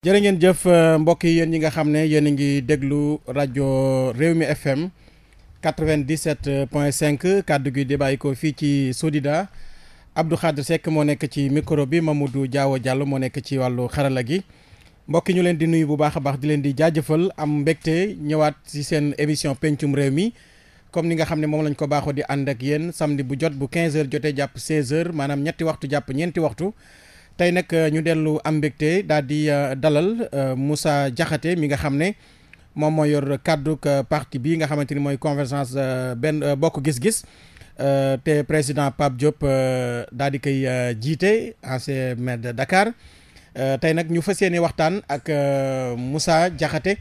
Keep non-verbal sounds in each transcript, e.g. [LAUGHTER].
jërë ngeen jëf euh, mbokk yi yéen ñi nga xam ne yéen a ngi déglu rajo réew mi FM 97 point 5 kàddu gi di bàyyi ko fii ci Sodida Abdou Khadre Seck moo nekk ci micro bi Mamadou Diawo Diallo moo nekk ci wàllu xarala gi mbokk ñu leen di nuyu bu baax a baax di leen di jaajëfal am mbégte ñëwaat ci seen émission pencum réew mi comme ni nga xam ne moom lañ ko baaxoo di ànd ak yéen samedi bu jot bu 15 heures jotee jàpp 16 heures maanaam ñetti waxtu jàpp ñeenti waxtu. tey nag euh, ñu dellu am mbégte daal di euh, dalal euh, Moussa Diakhaté mi nga xam ne moom mooy yor kàdduk parti bi nga xamante ni mooy convergence benn bokk gis-gis te président Pape Diop daal di koy jiite ancien maire de Dakar tey nag ñu fas yéene waxtaan ak Moussa Diakhaté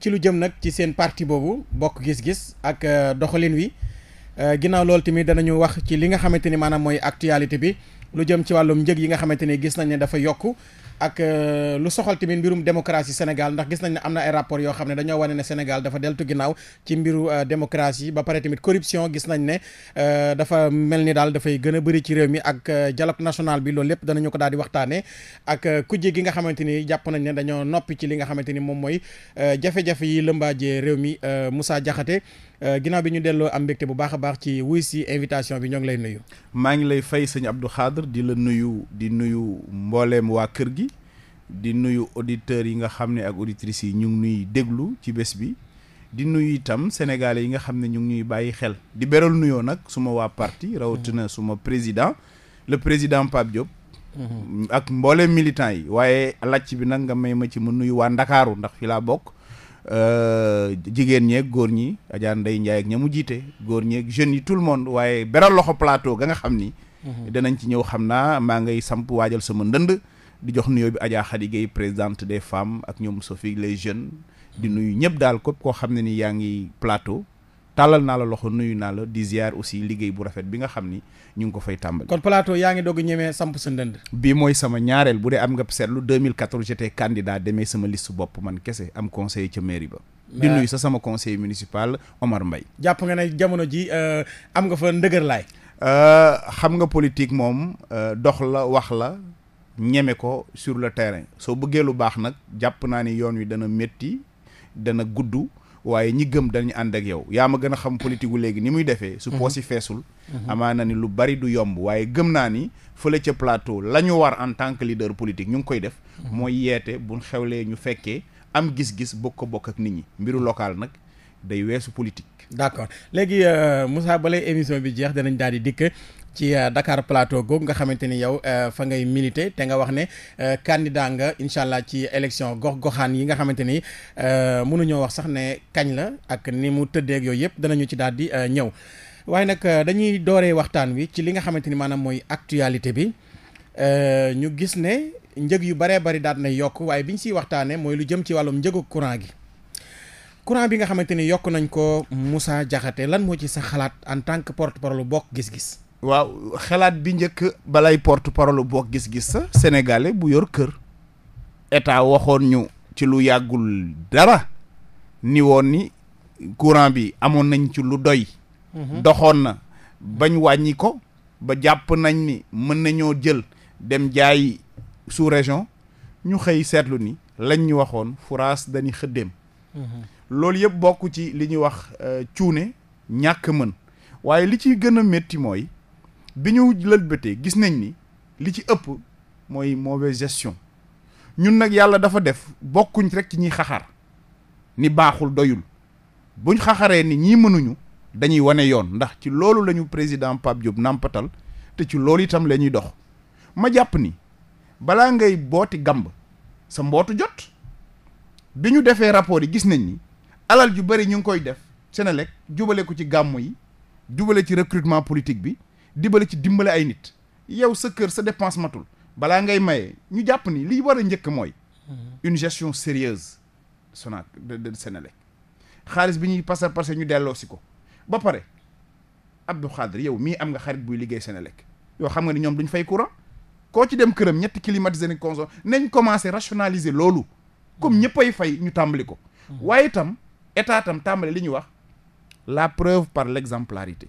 ci lu jëm nag ci seen parti boobu bokk gis-gis ak doxalin wi ginnaaw loolu tamit danañu wax ci li nga xamante ni maanaam mooy actualité bi. lu jëm ci wàllum njëg yi nga xamante ne gis nañ ne dafa yokk ak euh, lu soxal tamit mbirum démocratie Sénégal ndax gis nañ ne am na ay rapport yoo xam ne dañoo wane ne Sénégal dafa deltu ginnaaw ci mbiru euh, démocratie ba pare tamit corruption gis nañ ne euh, dafa mel ni daal dafay gën a bëri ci réew mi ak dialogue national bi loolu lépp danañu ko daal di waxtaanee ak kujje gi nga xamante ni jàpp nañ ne dañoo noppi ci li nga xamante ni moom mooy jafe-jafe yi lëmbaaje réew mi Moussa Diakhaté Euh, ginnaaw bi ñu delloo am mbégte bu baax a baax ci wuy si invitation bi ñoo ngi lay nuyu. maa ngi lay fay sëñ Abdou Khadre di la nuyu di nuyu mbooleem waa kër gi di nuyu auditeurs yi nga xam ne ak auditrices yi ñu ngi nuy déglu ci bés bi. di nuyu itam sénégalais yi nga xam ne ñu ngi ñuy bàyyi xel di beral nuyoo nag suma waa parti rawatina mm-hmm. suma président le président Pape Diop. Mm-hmm. ak mbooleem militant yi waaye làcc bi nag nga may ma ci ma nuyu waa ndakaaru ndax fi laa bokk Euh, jigéen ñeeg góor ñi Adja Ndeye Ndiaye ak ña mu jiite góor ñeek jeunes yi tout le monde waaye beral loxo plateau ga nga xam ni. Mhm. danañ ci ñëw xam naa maa ngay samp waajal sama ndënd. di jox nuyoo bi Adja Khady Gueye présidente des femmes ak ñoom Sophie les jeunes. di nuyu ñëpp daal képp koo xam ne ni yaa ngi plateau. tàllal naa la loxo nuyu naa la di ziar aussi liggéey bu rafet bi nga xam ni ñu ngi ko fay tàmbali. kon plateau yaa ngi doog ñemee samp sa ndënd. bii mooy sama ñaareel bu dee am nga seetlu 2014 j'étais candidat demee sama liste bopp man kese am conseiller ca mairie ba. di nuyu sa sama conseil municipal Omar mbay jàpp nga ne jamono ji euh, am nga fa ndëgër laay euh, xam nga politique moom euh, dox la wax la ñeme ko sur le terrain soo bëggee lu baax nag jàpp naa ni yoon wi dana métti dana gudd waaye ñi gëm dañu ànd ak yow yaa ma gën a xam politique gu léegi ni muy defee su mhm. poos yi feesul mhm. na ni lu bari du yomb waaye gëm naa ni fële ca plateau la ñu war en tant que leader politique ñu ngi koy def mhm. mooy yeete buñ xewlee ñu fekkee am gis-gis bokk bokk ak nit ñi mbiru local nag day weesu politique d'accord léegi euh, Moussa balay émission bi jeex danañ daal di dikk ci euh, Dakar Plateau googu nga xamante ni yow euh, fa ngay militer te nga wax ne euh, candidat nga incha allah ci élection gox-goxaan yi nga xamante ni mënuñoo wax sax ne kañ la ak ni mu tëddeeg yooyu yëpp danañu ci daal di ñëw waaye nag dañuy dooree waxtaan wi ci li nga xamante ni maanaam mooy actualité bi ñu gis ne njëg yu baree bari daal na yokk waaye bi ñu siy waxtaanee mooy lu jëm ci wàllum njëgu courant gi courant bi nga xamante ni yokk nañ ko Moussa Diakhaté lan moo ci sa xalaat en tant que porte-parole bokk gis-gis. waaw xalaat bi njëkk balay porte parole boo gis-gis sa sénégalais bu yor kër état waxoon ñu ci lu yàggul dara ni woon ni courant bi amoon nañ ci lu doy mhm. doxoon na bañ wàññi ko ba jàpp nañ ni mën nañoo jël dem jaay sous région ñu xëy seetlu ni lañ ñu waxoon furaas dañu xëddeem mhm. loolu yëpp bokk ci li ñuy wax euh, cuune ñàkk mën waaye li ciy gën a métti mooy bi ñu lëlbëtee gis nañ ni li ci ëpp mooy mauvaise gestion ñun nag yàlla dafa def bokkuñ rek ci ñiy xaxar ni baaxul doyul buñ xaxaree ni ñii mënuñu dañuy wane yoon ndax ci loolu lañu président Pape Diop nàmpatal te ci loolu itam la ñuy dox ma jàpp ni balaa ngay booti gàmb sa mbootu jot bi ñu defee rapport gis nañ ni alal ju bari ñu ngi koy def Senelec jubale ko ci gàmmu yi jubale ci recrutement politique bi dibale ci dimbale ay nit yow sa kër sa dépense matul balaa ngay maye ñu jàpp ni li war a njëkk mooy une gestion sérieuse Sonac de de Senelec xaalis bi ñuy passer passer ñu delloo si ko ba pare Abdou Khadre yow mii am nga xarit buy liggéey Senelec yow xam nga ni ñoom duñ fay courant koo ci dem këram ñetti climatisé ni conso nañ commencé rationaliser loolu comme ñëpp ay fay ñu tàmbali ko hmm. waaye itam état tam tàmbali li ñu wax la preuve par l'exemplarité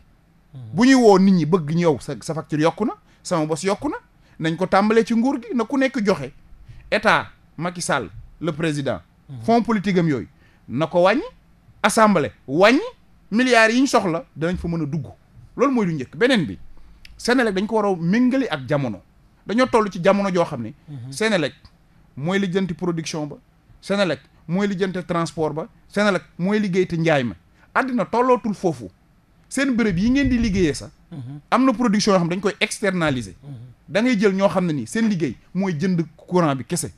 bu ñuy woo nit ñi bëgg ñëw sa sa facture yokk na sama bos yokku na nañ ko tàmbalee ci nguur gi na ku nekk joxe état Macky Sall le président. Hmm. fonds politique am yooyu na ko wàññi. assemblée wàññi milliards yi ñu soxla danañ fa mën a dugg loolu mooy lu njëkk beneen bi Sénélec dañ ko war a méngale ak jamono dañoo toll ci jamono joo xam ne. Hmm. Sénélec mooy lijjanti production ba. Sénélec mooy lijjanti transport ba. Sénélec mooy liggéey te njaay ma àddina tollootul foofu. seen bërëb yi ngeen di liggéeyee sax. Mhm. am na production yoo xam dañ koy externaliser. Mhm. da ngay jël ñoo xam ne nii seen liggéey mooy jënd courant bi kese.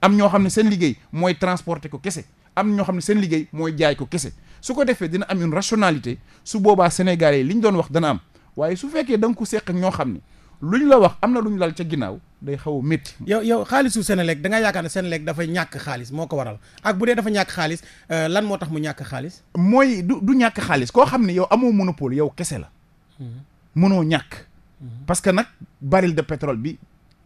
am ñoo xam ne seen liggéey mooy transporter ko kese am ñoo xam ne seen liggéey mooy jaay ko kese su ko defee dina am une rationalité su boobaa sénégalais yi li ñu doon wax dana am waaye su fekkee da nga ko seq ak ñoo xam ne. lu ñu la wax am na lu ñu lal ca ginnaaw day xaw a métti. yow yow xaalisu Senelec da nga yaakaar ne Senelec dafa ñàkk xaalis moo ko waral ak bu dee dafa ñàkk xaalis euh, lan moo tax mu ñàkk xaalis. mooy du ñàkk xaalis koo xam ne yow amoo monopole yow kese la. Mm-hmm. mënoo ñàkk. Mm-hmm. parce que nag baril de pétrole bi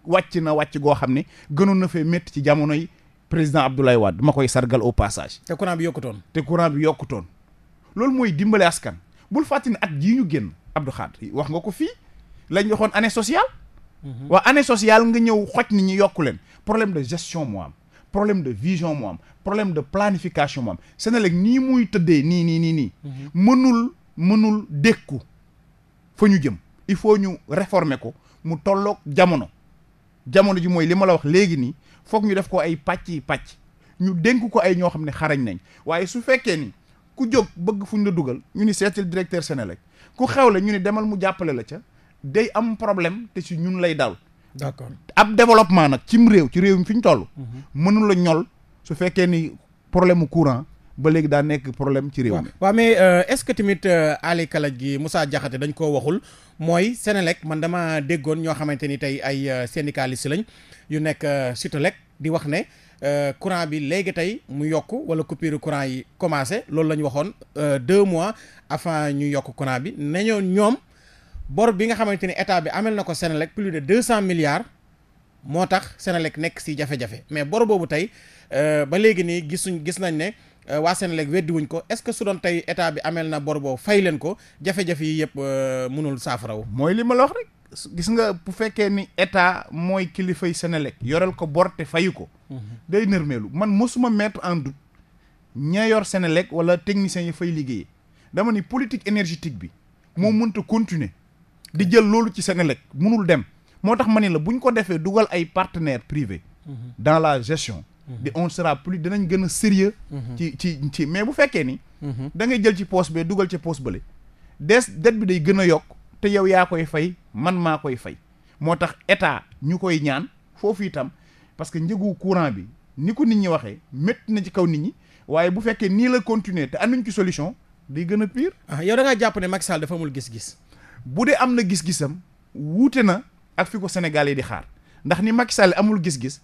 wàcc na wàcc goo xam ne gënoon na fee métti ci jamono yi président Abdoulaye Wade duma koy sargal au passage. te courant bi yokkutoon. te courant bi yokkutoon. loolu mooy dimbale askan bul fàttali ne at jii ñu génn Abdou Khadre wax nga ko fii. lañu waxoon année sociale. Mhm. waa année sociale nga ñëw xoj nit ñi yokku leen problème de gestion moo am problème de vision moo am problème de planification moo am Senelec nii muy tëddee nii nii nii nii. Mhm. mënul mënul dékku fa ñu jëm il faut ñu réformer ko mu tolloog jamono jamono ji mooy li ma la wax léegi nii foog ñu def ko ay pàcc yi pàcc ñu dénk ko ay ñoo xam ne xarañ nañ waaye su fekkee ni ku jóg bëgg fu ñu la dugal ñu ni seetil directeur Senelec ku xew la ñu ni demal mu jàppale la ca. day am problème te si ñun lay dal. d'accord ab développement nag cim réew ci réew mi fi ñu toll. mënul la ñol su fekkee ni problème mu courant. ba léegi daa nekk problème ci réew mi. waa mais euh, est-ce que tamit euh, Ali Kalaj gi Moussa Diakhaté dañ koo waxul mooy Sénélec man dama déggoon ñoo xamante ni tey ay uh, syndicalistes lañ yu nekk uh, Sutelec di wax ne uh, courant bi léegi tey mu yokk wala coupure courant yi commencé loolu la ñu waxoon euh, deux mois avant ñu yokk courant bi nañoo ñoom. bor bi nga xamante ni état bi amee na ko Senelec plus de deux cent milliards moo tax Senelec nekk si jafe-jafe mais bor boobu tey euh, ba léegi nii gisuñ gis nañ ne euh, waa Senelec weddi wuñ ko est-ce que su doon tey état bi amel na bor boobu fay leen ko jafe-jafe yi yëpp euh, mënul saafaraw mooy li ma la wax rek gis nga bu fekkee ni état mooy kilifay Senelec yorel ko bor te fayu ko mm-hmm. day nërmeelu man mosuma mettre en doute ña yor Senelec wala techniciens yi fay liggéey dama ni politique énergétique bi moo mm-hmm. mënta continuer di jël loolu ci Senelec mënul dem moo tax ma ni la bu ñu ko defee dugal ay partenaires privés mhm. dans la gestion mhm. di on sera plus dinañ gën a sérieux mhm. ci ci ci mais bu fekkee ni da ngay jël ci poste bee dugal ci poste bële des dette bi day gën a yokk te yow yaa koy fay man maa koy fay moo tax état ñu koy ñaan foofu itam parce que njëgu courant bi ni ko nit ñi waxee métti na ci kaw nit ñi waaye bu fekkee nii la continuer te anduñ ci solution day gën a pire. Ah, yow da jàpp ne Macky Sall dafa amul gis-gis. bu dee am na gis-gisam wuute na ak fi ko Sénégal di xaar ndax ni Macky Sall amul gis-gis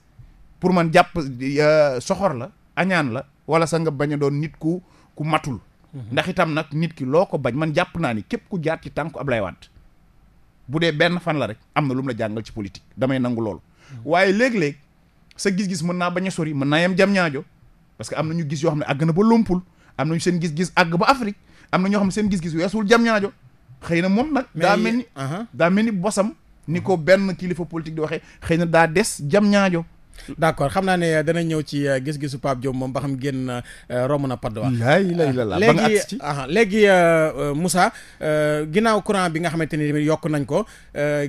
pour man jàpp euh, soxor la añaan la wala sa bañ doon nit ku ku matul mhm. ndax itam nag nit ki loo ko bañ man jàpp naa ni képp ku jaar ci tànku Ablaye Wade bu dee benn fan la rek am na lu la jàngal ci politique damay nangu loolu mhm. waaye léeg-léeg sa gis-gis mën naa bañ sori mën naa yem jam ñaajo parce que am na ñu gis yoo xam ne àgg na ba Lompoul am na ñu seen gis-gis àgg ba Afrique am na ñoo xam ne seen gis-gis weesul jamñaajo xëy na moom nag. daa mel ni daa mel ni bosam. ni ko benn kilifa politique di waxee xëy na daa des jam ñaajo. d'accord xam naa ne euh, dana ñëw ci euh, gis-gisu Pape Diop moom ba xam génn euh, romb na Patte d'Oie. la léegi léegi Moussa ginnaaw courant bi nga xamante ni tamit yokk nañ ko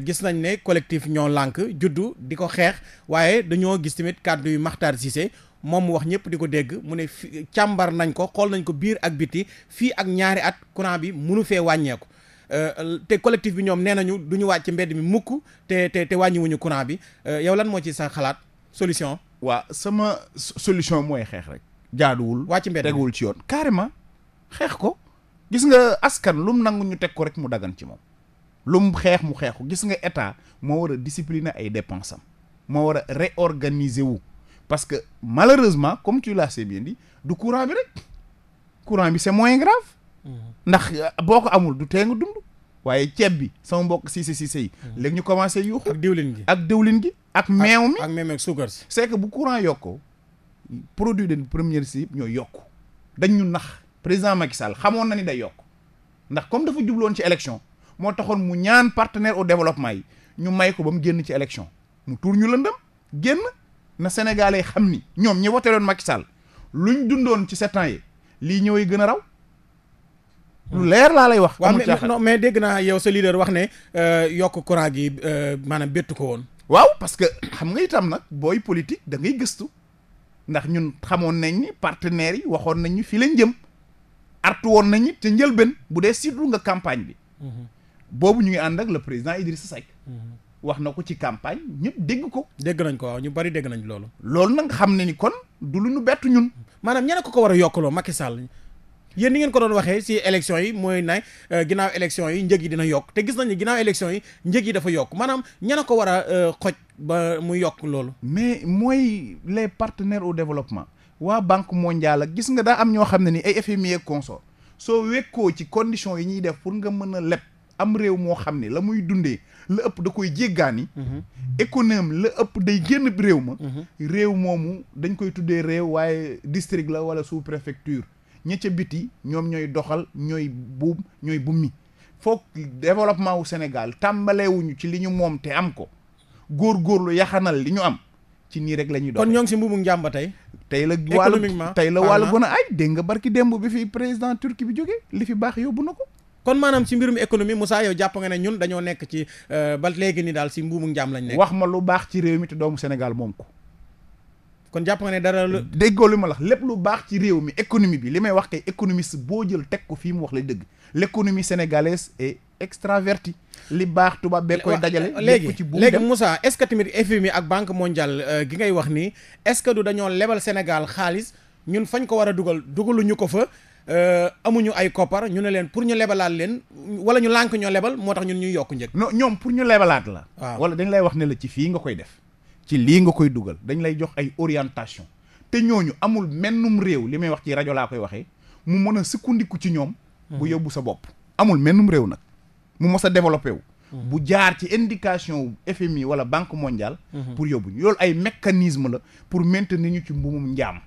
gis nañ ne collectif ñoo lànk juddu di ko xeex waaye dañoo gis tamit kàddu yu Makhtar Cissé moom mu wax ñëpp di ko dégg mu ne fi càmbar nañ ko xool nañ ko biir ak biti fii ak ñaari at courant bi munu fee wàññeeku. Euh, te collectif bi ñoom nee nañu du ñu wàcc mbedd mi mukk te te te wàññiwuñu courant bi euh, yow lan moo ci sa xalaat solution. waa sama solution mooy xeex rek. jaaduwul wàcc mbedd teguwul ci yoon carrément xeex ko. gis nga askan lu mu nangu ñu teg ko rek mu dagan ci moom. lu mu xeex mu xeexu gis nga état moo war a discipliner ay dépenses moo war a réorganiser wu. parce que malheureusement comme tu l'as bien dit du courant bi rek courant bi c'est moins grave. Mm-hmm. ndax euh, boo ko amul du tee nga dund waaye ceeb bi sama mbokk siise siise yi mm-hmm. léegi ñu commencé yuuxu ak diwlin gi ak diwlin gi ak meew mi ak meew mi ak suukar si c'est bu courant yokkoo produit de première si yëpp ñooy yokku dañ ñu nax président Macky Sall xamoon na ni day yokk ndax comme dafa jubloon ci élection moo taxoon mu ñaan partenaire au développement yi ñu may ko ba mu génn ci élection mu tuur ñu lëndëm génn na sénégalais xam ni ñoom ñi woteeloon Macky lu luñ dundoon ci sept ans yi lii ñëwee gën a raw lu leer laa lay wax. amul caaxaan non mais dégg naa yow sa leader wax ne euh, yokk courant gi euh, maanaam bettu ko woon. waaw parce que xam nga itam nag booy politique da ngay gëstu ndax ñun xamoon nañ ni partenaires yi waxoon nañ ñu fii lañ jëm artu woon nañ it ca njëlbeen bu dee siitu nga campagne bi. Mhm. boobu ñu ngi ànd ak le président Idrissa Seck. Mhm. wax na ko ci campagne ñëpp dégg ko. dégg nañ ko waaw ñu bari dégg nañ loolu. loolu nag xam ne ni kon du lu ñu bett ñun. maanaam ñeneen ko ko war a yokkaloo Macky Sall yéen ni ngeen ko doon waxee si élection yi mooy na euh, ginnaaw élection yi njëg yi dina yokk te gis nañu ginnaaw élection yi njëg yi dafa yokk maanaam ñana ko war a euh, xoj ba mu yokk loolu mais mooy les partenaires au développement waa banque mondiale gis nga daa am ñoo xam ne ni ay FMI ak consort soo wekkoo ci condition yi ñuy def pour nga mën a leb am réew moo xam ni la muy dundee la ëpp da koy jéggaani mhm. économe la ëpp day génn réew ma mhm. réew moomu dañ koy tuddee réew waaye district la wala sous préfecture ña ca biti ñoom ñooy doxal ñooy buum ñooy bummi foog développement wu Sénégal tàmbaleewuñu ci li ñu moom te am ko góor góor góorgóorlu yaxanal li ñu am ci nii rek la ñuy kon ñoo si mbubu njàmba tey tey la wàllu tey la wàllu gën a ay dégg nga barki démb bi fi président turki bi jógee li fi baax yóbbu na ko kon maanaam si mbirum économie Moussa yow jàpp nga ne ñun dañoo nekk ci euh, ba léegi ni daal si mbuumu njaam lañ nekk wax ma lu baax ci réew mi te doomu Sénégal moom ko kon jàpp nga ne dara lu. déggoo li ma la lépp lu baax ci réew mi économie bi li may wax kay économiste boo jël teg ko fii mu wax la dëgg l' économie sénégalaise est li baax tubaab bee koy dajale. léegi ci léegi Moussa est ce que tamit FMI ak banque mondiale euh, gi ngay wax ni est ce que du dañoo lebal Sénégal xaalis ñun fañ ko war a dugal dugaluñu ko fa. Uh, amuñu ay koppar ñu ne leen pour ñu lebalaat leen wala ñu lànk ñoo lebal moo tax ñun ñuy yokk njëg. non ñoom pour ñu lebalaat la. waaw wala dañ lay wax ne la ci fii nga koy def. ci lii nga koy dugal dañ lay jox ay orientation te ñooñu amul mennum réew li may wax ci rajo laa koy waxee mu mën a sukkandiku ci ñoom mhm. bu yóbbu sa bopp amul mennum réew nag mu mos a développé wu mhm. bu jaar ci indication FMI wala banque mondiale mhm. pour yóbbu ñu loolu ay mécanisme la pour maintenir ñu ci mbumum njaam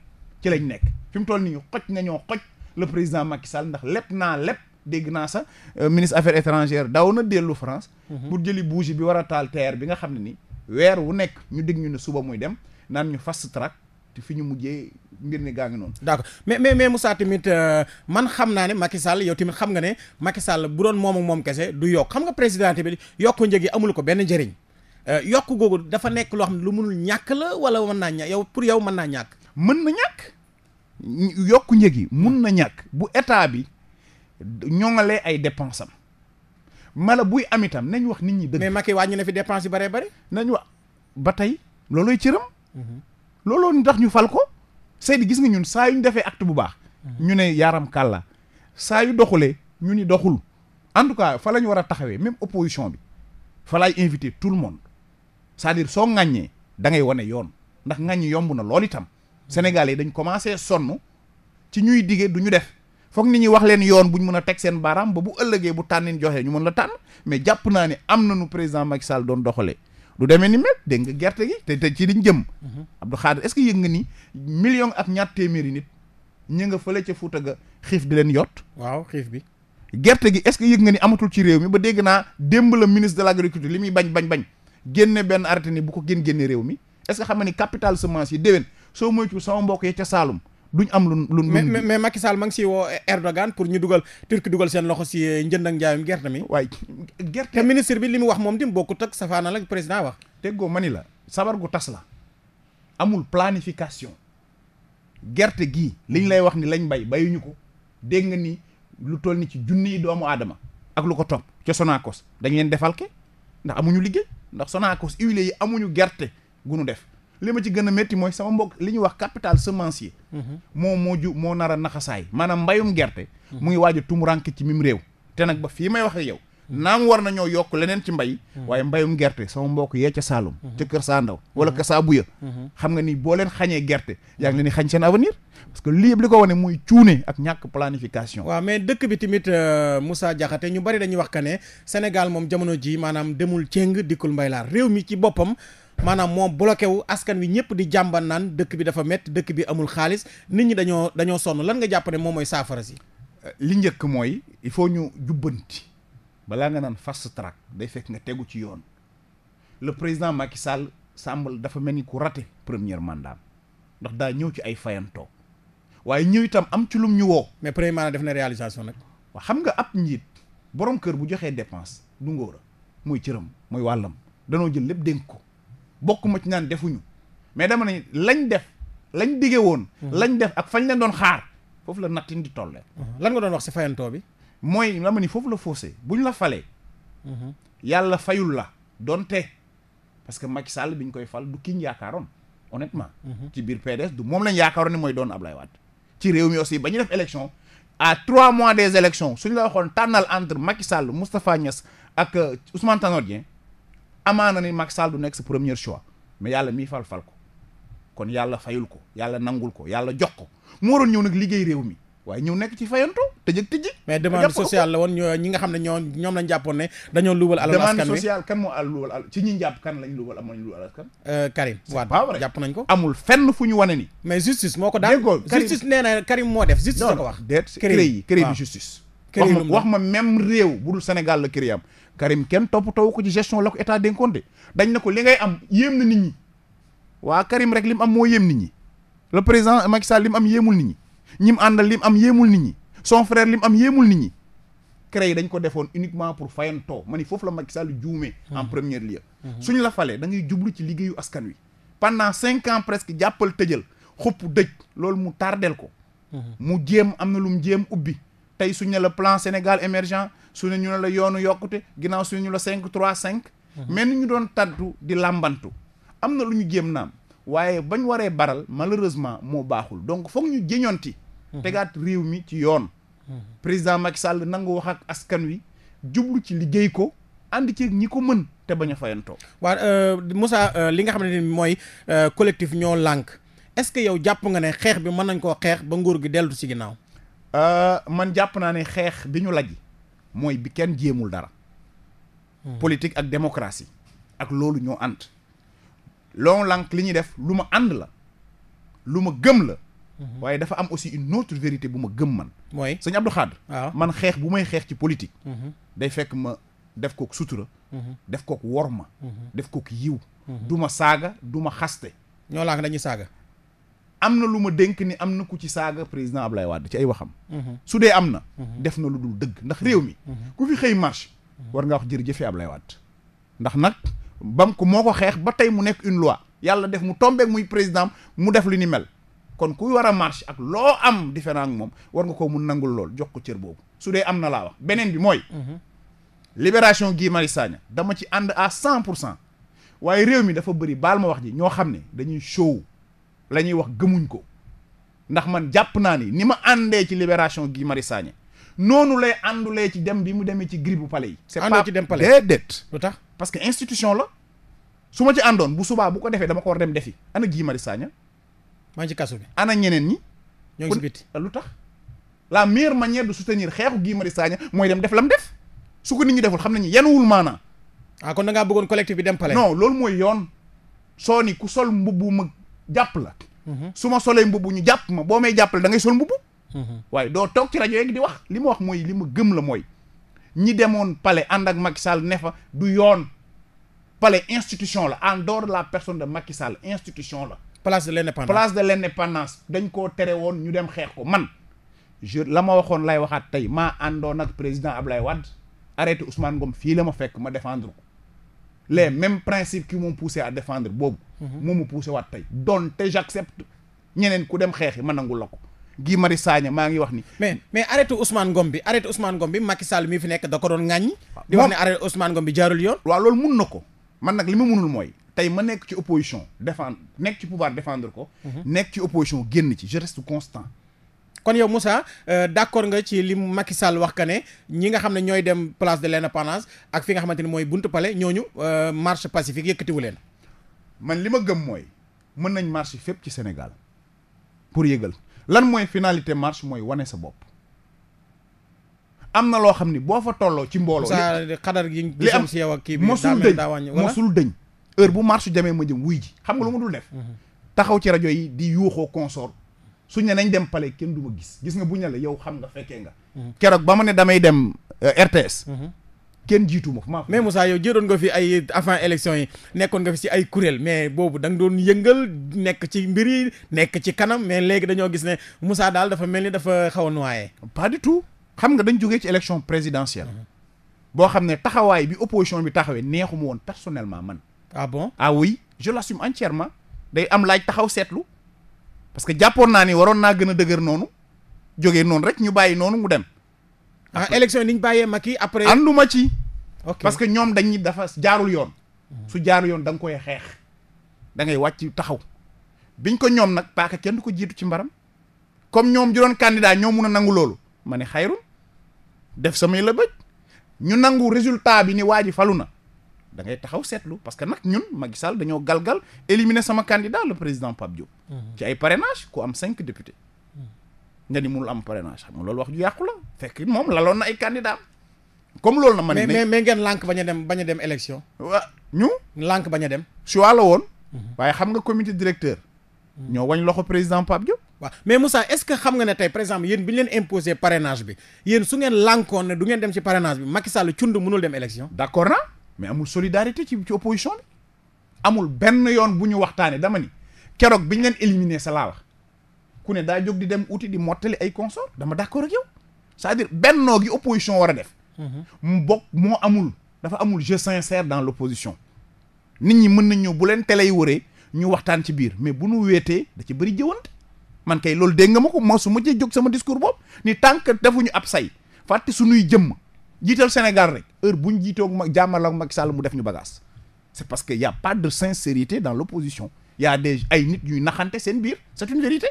ci lañ nekk fi mu toll nii xoj nañoo xoj le président Macky Sall ndax lépp naa lépp dégg naa sa euh, ministre affaires étrangères daw na dellu France pour jëli bougie bi war a taal bi nga xam ne ni weer wu nekk ñu dig ñu ne suba muy dem naan ñu fast track te fi ñu mujjee mbir mi gaa ngi noonu. d'accord mais mais mais Moussa tamit euh, man xam naa ne Macky Sall yow tamit xam nga ne Macky Sall bu doon moom moom kese du yokk xam nga président bi yokk njëg yi amul ko benn njëriñ euh, yokk googu dafa nekk loo xam ne lu mënul ñàkk la wala man naa ñàkk yow pour yow man naa ñàkk. mën na ñàkk yokk njëg yi mun na ñàkk bu état bi ñoŋalee ay dépensam mala buy amitam itam nañ wax nit ñi dëgg. mais Macky wàññi na fi dépense yu bëree bëri. nañ wax ba tey loolooy cëram. Mhm. looloo ñu tax ñu fal ko. Seydou gis nga ñun saa yu ñu defee act bu baax. Mhm. ñu ne yaaram kàlla saa yu doxulee ñu ni doxul. en tout cas fa la ñu war a taxawee même opposition bi fa laay invité tout le monde c'est-à-dire soo ŋàññee da ngay wane yoon ndax ŋàññi yomb na lool itam. Mhm. Sénégalais dañ commencé sonn ci ñuy dige du ñu def. foog ni ñi wax leen yoon bu ñu mën a teg seen baaraam ba bu ëllëgee bu tànnin joxee ñu mën la tànn mais jàpp naa ne am na nu président Macky Sall doon doxalee du demee ni mel dégg nga gerte gi te te ci di jëm. Mhm. Abdou Khadre est-ce que yëg nga ni million ak ñaar téeméeri nit ñu nga fële ca Fuuta ga xiif di leen yott. waaw xiif bi. gerte gi est-ce que yëg nga ni amatul ci réew mi ba dégg naa démb la ministre de l'agriculture li muy bañ bañ bañ génne benn arrêté ni bu ko génn génne réew mi est que xam nga ni capital semence yi déwén soo moytuwul sama mbokk ca Saalum duñ am lu lu mais mais Macky Sall ma ngi si woo Erdogan pour ñu dugal Turquie dugal seen loxo si eh, njënd ak gerte mi. waaye gerte te ministre bi li mu wax moom boo bokkut ak safaana la président wax. déggoo ma ni la sabar gu tas la amul planification gerte gii liñ lay wax ni lañ mbay bayuñu ko dégg nga ni lu toll ni ci junniy doomu aadama ak lu ko topp ca Sonacos dañ leen defal ke ndax amuñu liggéey ndax Sonacos huiliers yi amuñu gerte gu nu def li ma ci gën a métti mooy sama mbokk li ñuy wax capital semencier. Mhm. moom moo ju moo nar a naxasaay maanaam mbayum gerte. Mhm. mu ngi waaj a ci mim réew. te nag ba fii may wax yow. Mhm. naam war nañoo yokk leneen ci mbay. waaye mbayum gerte sama mbokk yee ca Saalum. ca Kër Saandaw wala Kër Saabuya. xam nga ni boo leen xañee gerte yaa ngi leen di xañ seen avenir. parce que lii li ko wane muy cuune ak ñàkk planification. waaw mais dëkk bi tamit euh, Moussa Diakhaté ñu bari dañuy wax que ne Sénégal moom jamono ji maanaam demul cëng dikkul mbay laa réew mi ci boppam. maanaam moom bloqué wu askan wi ñëpp di jàmban naan dëkk bi dafa métti dëkk bi amul xaalis nit ñi dañoo dañoo sonn lan nga jàpp ne moom mooy saafara si li njëkk mooy il faut ñu jubbanti balaa nga naan fast trac day fekk nga tegu ci yoon le président Macky Sall semble dafa mel ni ku raté premier mandat ndax daa ñëw ci ay fayantoo waaye ñëw itam am ci lum ñu woo. mais premier mandat def na réalisation nag. waaw xam nga ab njiit borom kër bu joxee dépense du ngóora mooy cëram mooy wàllam danoo jël lépp dénk ko bokkuma ci naan defuñu mais dama ne lañ def lañ dige woon. Mhm. lañ def ak fañ leen doon xaar foofu la nattin di tollee. Mhm. lan nga doon wax si fayantoo bi. mooy dama ni foofu la bu ñu la falee. Mhm. yàlla fayul la donte parce que Macky Sall bi ñu koy fal du kiñ yaakaaroon honnêtement. ci biir PDS du moom lañ yaakaaroon ne mooy doon Ablaye Wade. ci réew mi aussi ba ñu def élection à trois mois des élections suñu la waxoon tànnal entre Macky sàll Moustapha ak euh, Ousmane Tanor Dieng amaana ni Macky Sall du nekk sa premier choix mais yàlla mii fal fal ko kon yàlla fayul ko yàlla nangul ko yàlla jox ko mu waroon ñëw nag liggéey réew mi waaye ñëw nekk ci fayantu tëj ak tëjji. mais demande sociale la woon ñi ne ñoo ñoom lañ jàppoon ne dañoo luubal. alal demande sociale kan moo al luubal al ci ñi jàpp kan lañ luubal amoon luubal askan. Euh, ko. amul fenn fu ñu wane ni. mais moo ko daan justice nee Karim moo def justice la ko Karim wax ma même réew bu dul Sénégal la Karim am Karim kenn toppatoo ko ci gestion la ko état dénkoon de dañ na ko li ngay am yéem na nit ñi waa Karim rek li mu am moo yéem nit ñi le président Macky Sall li am yéemul nit ñi ñi mu àndal li mu am yéemul nit ñi son frère li am yéemul nit ñi CREI dañ ko defoon uniquement pour fayantoo ma ni foofu la Macky Sall juumee en premier lieu suñ la falee da ngay jublu ci liggéeyu askan wi pendant cinq ans presque jàppal tëjël xupp dëj loolu mu tardel ko jéem am na lu mu jéem ubbi tey suñ ne la plan Sénégal émergent su ne ñu ne la yoonu yokkute ginnaaw suñu ñu la cinq trois cinq mhm. mais ni ñu doon tantu di làmbantu am na lu ñu jéem naam waaye bañ waree baral malheureusement moo baaxul donc foog ñu jëñonti mhm. tegaat réew mi ci yoon mhm. président Macky Sall nangu wax ak askan wi jublu ci liggéey ko ànd ci ñi ko mën te bañ a fayantoo waaw euh, Moussa euh, li nga xam ne mooy euh, collectif ñoo lànk est-ce que yow jàpp nga ne xeex bi mën nañ koo xeex ba nguur gi dellu ci ginnaaw Euh, man jàpp naa ne xeex bi ñu laj mooy bi kenn jéemul dara hmm. politique ak démocratie ak loolu ñoo ànd lon lank li ñuy def lu ma ànd la lu ma gëm la hmm. waaye dafa am aussi une autre vérité bu ma gëm man mooy sëñ Abdou ah. man xeex bu may xeex ci politique hmm. day fekk ma def kook sutura def kook worma def kook yiw du ma saaga duma xaste ñoo lank dañuy saaga am na lu ma dénk ni am na ku ci saaga président Ablaye Wade ci ay waxam. Mhm. su dee am na. Mhm. def na lu dul dëgg ndax réew mi. Mhm. ku fi xëy marche. war nga wax ab Ablaye Wade ndax nag bam ko moo ko xeex ba tey mu nekk une loi yàlla def mu tombeek muy président mu def lu ni mel. kon ku war a marche ak loo am différent moom war nga koo mun nangul lool jox ko cër boobu su dee am na laa wax beneen bi mooy. libération gii Marius Sagna dama ci ànd à cent pour cent waaye réew mi dafa bëri baal ma wax ji ñoo xam ne dañuy show. la ñuy wax gëmuñ ko ndax man jàpp naa ni ni ma àndee ci libération gi Mari Sagna noonu lay àndulee ci dem bi mu demee ci gris bu palais yi. se pas ci dem palais déedéet. lu tax parce que institution la su ma ci àndoon bu subaa bu ko defee dama ko war dem defi ana Guy Marius Sagna. maa ngi ci kaso bi ana ñeneen ñi. ñoo lu tax. la meilleure manière de soutenir xeexu Guy Marius Sagna mooy dem def lam def su ko nit ñi deful xam na yan wul maanaa. ah kon da ngaa bëggoon collectif bi dem palais. non loolu mooy yoon soo ni ku sol mbubu mag jàpp la su ma solee mbubb ñu jàpp ma boo may jàppale da ngay sol mbubb waaye doo toog ci rajo yeeg di wax li ma wax mooy li ma gëm la mooy ñi demoon palais ànd ak Macky Sall ne fa du yoon pale institution la en dehors la personne de Macky Sall institution la place de l'indépendance place de l'indépendance dañ koo tere woon ñu dem xeex ko man je la ma waxoon lay waxaat tey maa àndoon ak président Ablaye Wade arrêté Ousmane Ngom fii la ma fekk ma défendre ko les mêmes principes qui m'ont poussé à défendre boobu mhm. moo ma poussé waat tey te j'accepte ñeneen ku dem xeexi ma nangul la ko Guy Marius Sagna maa ngi wax ni mais mais arrêté Ousmane Ngom bi arrêté bi Macky Sall mii fi nekk da ko doon ŋàññi di wax ne arrêté Ousmane Ngom bi jaarul yoon waaw loolu mun na ko man nag li ma munul mooy tey ma nekk ci opposition défendre nekk ci pouvoir défendre ko mhm. nekk ci opposition génn ci je reste constant kon yow Moussa euh, d'accord nga ci li Macky Sall wax que ne ñi nga xam ne ñooy dem place de l'indépendance ak fi nga xamante ni mooy buntu palais ñooñu euh, marche pacifique yëkkatiwu leen. man li ma gëm mooy mën nañ marche fépp ci Sénégal pour yëgal lan mooy finalité marche mooy wane sa bopp. am na loo xam ni boo fa tolloo ci mbooloo. li gi li am si yow ak kii bi mosul dëñ mosul dëñ heure bu marche jamee ma jëm wuy ji xam nga lu ma dul def. Mhm. taxaw ci rajo yi di yuuxoo consort suñ ne nañ dem pale kenn du ma gis gis nga bu ñu la yow xam nga fekkee nga. Mhm. keroog ba ma ne damay dem euh, RTS. Mhm. kenn jiitu ma maa. mais Moussa yow jëloon nga fi ay avant élection yi nekkoon nga fi si ay kuréel mais boobu da doon yëngal nekk ci mbir yi nekk ci kanam mais léegi dañoo gis ne Moussa daal dafa mel ni dafa xaw a noyé. pas du tout xam nga dañ jógee ci élection présidentielle. Mhm. boo xam ne taxawaay bi opposition bi taxawee neexuma woon personnellement man. Ah bon ah oui je entièrement day am laaj taxaw seetlu. parce que jàppoon naa ni waroon naa gën a dëgër noonu jógee noonu rek ñu bàyyi noonu mu dem. ah élection yi ñu bàyyee Macky après. ànduma ci. parce que ñoom dañuy dafa jaarul yoon. su jaarul yoon da nga koy xeex. dangay wàcc taxaw. biñ ko ñoom nag paaka kenn du ko jiitu ci mbaram. comme ñoom ju doon candidat ñoo mun a nangu loolu. ma ne xayrun def samay la bëj ñu nangu résultat bi ni waa ji falu na. da ngay taxaw seetlu parce que nag ñun Macky Sall dañoo galgal éliminer sama candidat le président Pape Diop. Mhm. ci ay parrainage ku am cinq députés. Mhm. nga ni mënul am parrainage xam nga loolu wax ju yàqu la fekk na ay candidat comme loolu na ma ne mais mais ngeen lànk bañ a dem bañ dem élection. wa ñu. lànk a dem. choix la woon. Mhm. waaye xam nga comité directeur. ñoo wañ loxo président Pape mais Moussa est-ce que xam nga ne tey par exemple yéen bi ñu leen imposé parrainage bi yéen su ngeen lànkoon ne du ngeen dem ci parrainage bi Macky Sall cund mënul dem élection. d'accord na. mais amul solidarité ci ci opposition bi amul benn yoon bu ñu waxtaanee dama ni keroog bi ñu leen éliminer sa ku ne daa jóg di dem uti di mottali ay consort dama d'accord ak yow c'est-à-dire bennoo gi opposition war a def. Mm-hmm. mu bokk moo amul dafa amul jeu sincère dans l'opposition nit ñi mën nañ ñëw bu leen tele yi wëree ñu waxtaan ci biir mais bu nu weetee da ci bëri jëwante man kay loolu dégg nga ma ko ma su ma cee jóg sama discours boobu ni tant que defuñu ab say fàtte suñuy jëmm. jiital Sénégal rek heure bu ñu jiitoog mag jàmmaloog Macky Sall mu def ñu bagage c'est parce que y a pas de sincérité dans l'opposition y a des ay nit ñuy naxante seen biir c'est une vérité.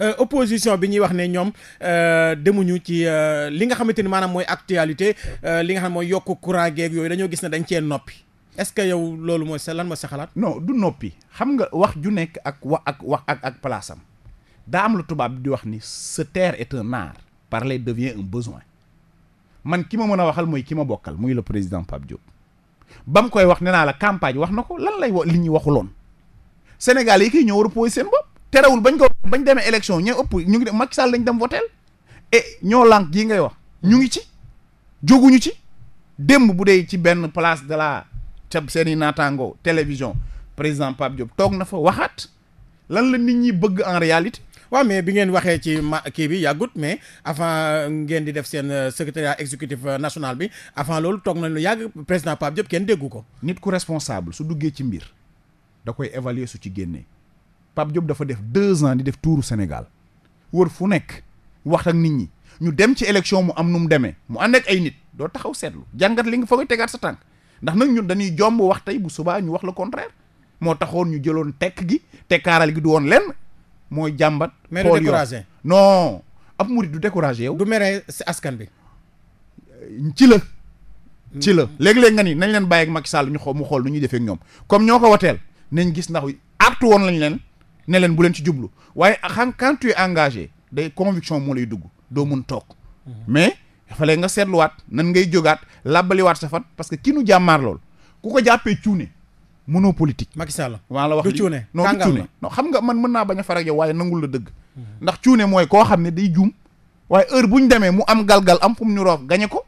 Euh, opposition bi ñuy wax ne ñoom euh, demuñu ci euh, li nga xamante ni maanaam mooy actualité euh, li nga xam mooy yokku courant geeg yooyu dañoo gis ne dañ cee noppi est-ce que yow loolu mooy sa lan mooy sa xalaat. non du noppi xam nga wax ju nekk ak wa ak wax ak ak palaasam daa am la tubaab di wax ni se taire est un art. parler devient un man ki ma mën a waxal mooy ki ma bokkal muy la président Pape Diop ba koy wax nee naa la campagne wax na ko lan lay li ñuy waxuloon Sénégal yi kii ñoo war a posé seen bopp terewul bañ ko bañ demee élection ñoo ëpp ñu ngi dem Macky Sall lañ dem votel et ñoo lànk gii ngay wax ñu ngi ci jóguñu ci démb bu dee ci benn place de la ca seen i naataango télévision président Pape Diop toog na fa waxaat lan la nit ñi bëgg en réalité waa mais bi ngeen waxee ci ma kii bi yàggut mais avant ngeen di def seen euh, secrétariat exécutif euh, national bi avant loolu toog nañ lu yàgg président Pape Diop kenn déggu ko. nit ku responsable su duggee ci mbir da koy évaluer su ci génnee Pape Diop dafa def deux ans di def tuuru Sénégal wër fu nekk wax ak nit ñi ñu dem ci élection mu am nu mu demee mu ànd ak ay nit doo taxaw seetlu jàngat li nga fa koy tegaat sa tànk ndax nag ñun dañuy jomb wax tey bu subaa ñu wax le contraire moo taxoon ñu jëloon tekk gi te kaaral gi du woon lenn mooy jàmbat. mais du découragé non ab murid du découragé yow. du mere si askan bi. ci la. Mm. ci la léeg-léeg nga nii nañ leen bàyyi mag Macky ñu xool mu xool nu ñuy defee ak ñoom comme ñoo ko wateel neen gis ndax artu woon lañ leen ne leen bu leen ci jublu waaye xam quand tu es engagé day conviction moo lay dugg doo mun toog. Mm-hmm. mais fale nga seetluwaat nan ngay jógaat làbbaliwaat sa fan parce que ki nu jàmmaar lool ku ko jàppee cuune. mënoo politique. Macky Sall waa la wax du cuune non du cuune non xam nga man mën naa bañ a farak yow waaye nangul la dëgg ndax cuune mooy koo xam ne day juum waaye heure bu ñu demee mu am galgal am fu mu ñu roof gañe ko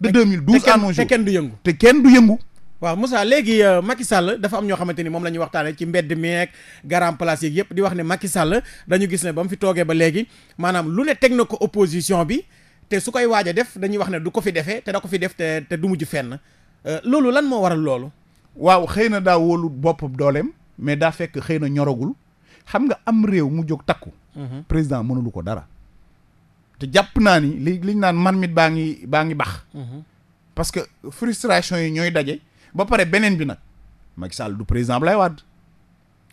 de 2012 à nos jours du yëngu te kenn du yëngu waaw Moussa léegi euh, Macky Sall dafa am ñoo xamante ni moom la ñuy waxtaanee ci mbedd meeg garam yëpp di ne Macky Sall dañu gis ne ba mu fi toogee ba léegi maanaam lu ne teg na ko opposition bi te su koy waaj def dañuy wax ne du ko fi defee te da ko fi def te te du mujj fenn euh, loolu lan moo waral loolu waaw xëy na daa wóolu boppam dooleem mais daa fekk xëy na ñoragul xam nga am réew mu jóg takku. Mhm. président mënulu ko dara. te jàpp naa ni li liñ naan man mit baa ngi baa ngi bax. Mhm. parce que frustration yi ñooy daje. ba pare beneen bi nag Macky Sall du président Ablaye Wade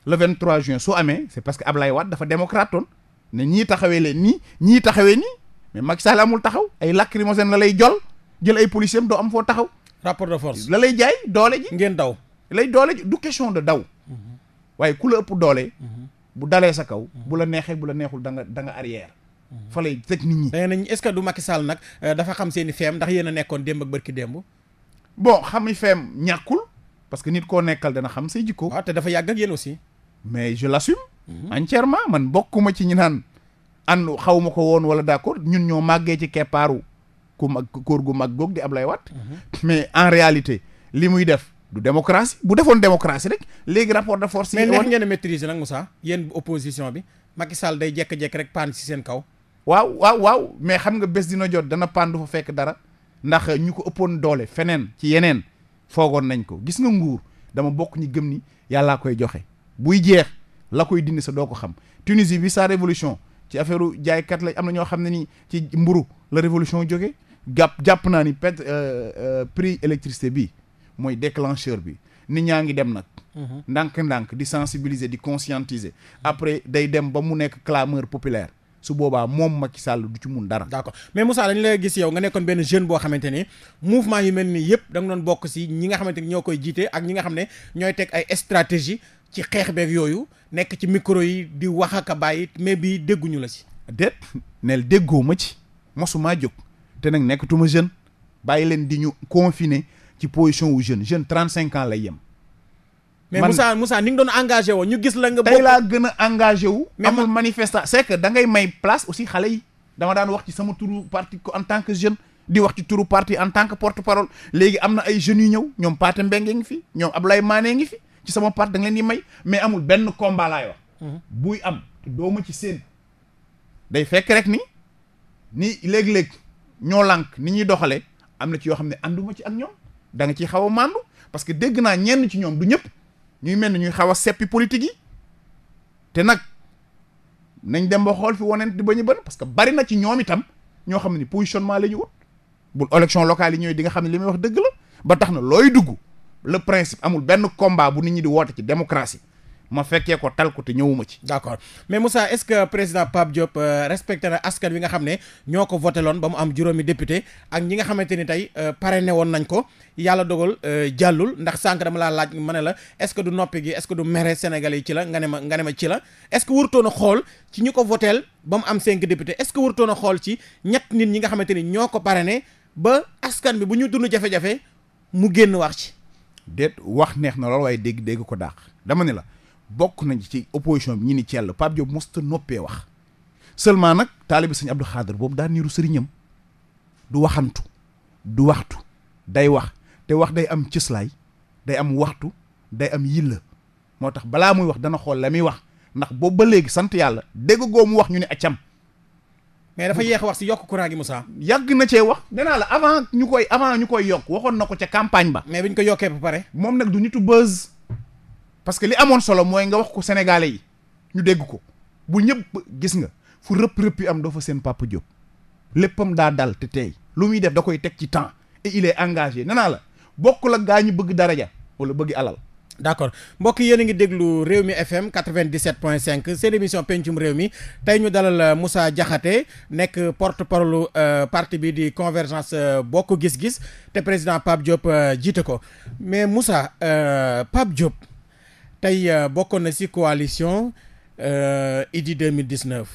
le 23 juin soo amee c'est parce que Ablaye waat dafa démocrate woon ne ñii taxawee leen nii ñii taxawee nii mais Macky Sall amul taxaw ay lacrymogène la lay jol jël ay police am doo am foo taxaw. rapport de force la lay jaay doole ji. ngeen daw lay doole ji du question de daw. Mm-hmm. waaye ku la ëpp doole. Mm-hmm. bu dalee sa kaw. bu la mm-hmm. neexee bu la neexul da nga da nga arrière. fa lay teg nit ñi. da nañ est-ce que du Macky Sall nag euh, dafa xam seen i feem ndax yéen nekkoon démb ak bërki démb. bon xam i feem ñàkkul. parce que nit koo nekkal dana xam say jikko. waaw ah, te dafa yàgg ak yéen aussi. mais je l'assume. entièrement man bokkuma ci ñi naan. ànd xaw ko woon wala d'accord ñun ñoo màggee ci keppaaru. ku mag kóor gu mag goog di ab Ablaye Wade mhm. mais en réalité li muy def du démocratie bu defoon démocratie rek léegi rapport de force yi. ne neex ngeen a maîtriser nag Moussa yéen opposition bi Macky Sall day jékki-jékki rek paan ci seen kaw. waaw waaw waaw mais xam nga bés dina jot dana paan du fa fekk dara ndax ñu ko ëppoon doole feneen ci yeneen foogoon nañ ko gis nga nguur dama bokk ñi gëm ni yàllaa koy joxe buy jeex la koy dindi sa doo ko xam Tunisie bi sa révolution ci affaire jaaykat la am na ñoo xam ne nii ci mburu la révolution jógee. gàpp jàpp naa ni pet euh, euh, prix électricité bi mooy déclencheur bi nit ñaa ngi dem nag. Mhm. ndànk-ndànk di sensibiliser di conscientiser après day dem ba mu nekk clameur populaire. su boobaa moom ma ci Sall du ci mun dara. d'accord mais Moussa dañu la gis yow nga nekkoon benn jeune boo xamante ni mouvement yi mel nii yëpp da doon bokk si ñi nga xamante ni ñoo koy jiite ak ñi nga xam ne ñooy teg ay stratégie ci xeex beeg yooyu nekk ci micro yi di wax ak a bàyyi mais bii dégguñu la si. déet neel ci mosumaa jóg. te nag nekkatuma jeune bàyyi leen di ñu confiner ci position wu jeune jeune trente cinq ans lay yem. mais man, Moussa Moussa ni nga doon engagé woo ñu gis la nga. tey laa gën a engagé wu. amul manifestant c'est que da ngay may place aussi xale yi dama daan wax ci sama turu parti en tant que jeune. di wax ci turu parti en tant que porte parole léegi am na ay jeunes yu ñëw ñoom Pathé Mbengue ngi fi ñoom lay maanee ngi fi ci sama parte da nga leen di may mais amul benn combat laay wax. Mhm. buy am dooma ci seen. fekk rek ni ni léeg ñoo lànk ni ñuy doxalee am na ci yoo xam ne ànduma ci ak ñoom da nga ciy xaw a màndu parce que dégg naa ñenn ci ñoom du ñëpp ñuy mel na ñuy xaw a seppi politique yi te nag nañ dem ba xool fi wonent di ba ñu bën parce que bari na ci ñoom itam ñoo xam ni positionnement la ñu wut bu élection locale yi ñooy di nga xam ne li may wax dëgg la ba tax na looy dugg le principe amul benn combat bu nit ñi di woote ci démocratie ma fekkee ko tal ñëwuma ci. d' accord mais Moussa est ce que président Pape Diop euh, respecté na askan wi nga xam ne ñoo ko voté ba mu am juróomi député ak ñi nga xamante ni tey euh, ne woon nañ ko yàlla dogal euh, jàllul ndax sànq dama laa laaj ma ne la est ce que du noppi gi est ce du mere Sénégal yi ci la nga ne ma nga ne ma ci la est ce que warutoon a xool ci ñu ko voteel ba mu am cinq député est ce que warutoon a xool ci ñett nit ñi nga xamante ne ñoo ko parrainé ba askan bi bu ñu dund jafe-jafe mu génn wax ci. déet wax neex na lool waaye dégg-dégg ko daax dama ne la. bokk nañ ci opposition bi ñu ni Thiel Pape Diop mosta noppee wax seulement nag taalibi sëñ Abdou xaadar boobu daa niiru sëriñam du waxantu du waxtu day wax te wax day am cëslaay day am waxtu day am yilla moo tax balaa muy wax dana xool la muy wax ndax boobu ba léegi sant yàlla dégg goo mu wax ñu ne accam mais dafa yeex wax si yokk courant gi Moussa yàgg na cee wax danaa la avant ñu koy avant ñu koy yokk waxoon na ko ca campagne ba mais bi ñu ko yokkee ba pare moom nag du nitu buzz parce que li amoon solo mooy nga wax ko sénégalais yi ñu dégg ko bu ñëpp gis nga fu rëpp rëpp am doo fa seen Papa Diop léppam daa dal te tey lu muy def da koy teg ci temps et il est engagé nee naa la bokkul ak gaa ñu bëgg daraja wala bëgg alal. d' accord mbokk yéen a ngi déglu réew mi FM 97 point cinq seen émission pencum réew mi tey ñu dalal euh, Moussa Diakhaté nekk porte parole euh, parti bi di convergence euh, bokk gis-gis te président Pape Diop jiite ko mais Moussa Pape Diop. tey euh, bokkoon na ci coalition euh, Idy 2019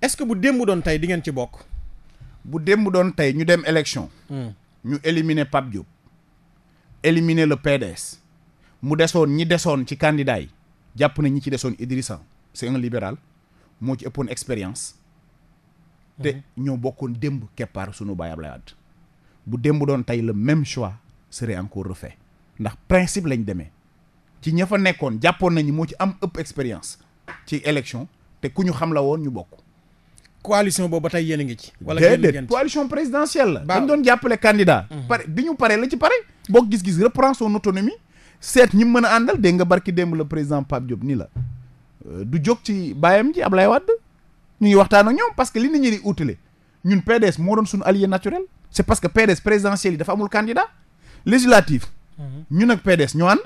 est-ce que bu démb doon tey di ngeen ci bokk. bu démb doon tey ñu dem élection. Hmm. ñu éliminer Pape Diop. éliminer le PDS. mu desoon ñi desoon ci candidat yi. jàpp na ñi ci desoon Idrissa c'est un libéral moo ci ëppoon expérience. Hmm. te ñoo bokkoon démb keppaar sunu baay Ablaye Wade bu demb doon tey le même choix serait encore refait ndax principe lañ demee. ci ña fa nekkoon jàppoon nañu moo ci am ëpp expérience ci élection te ku ñu xam la woon ñu bokk. coalition boobu ba tey yéen a ngi ci. wala déedéet coalition présidentielle la. dañ doon jàppale candidat. Mhm. pare bi ñu paree la ci pare. bokk gis-gis reprend son autonomie. seet ñi mën a àndal dégg nga barki démb la président Pape Diop ni la. Euh, du jóg ci baayam ji Ablaye Wade ñu ngi waxtaan a ñoom parce que li nit ñi di utile ñun PDS moo doon suñu allié naturel. c'est parce que PDS présidentiel yi dafa amul candidat législatif. Mhm. ñun ak PDS ñoo ànd.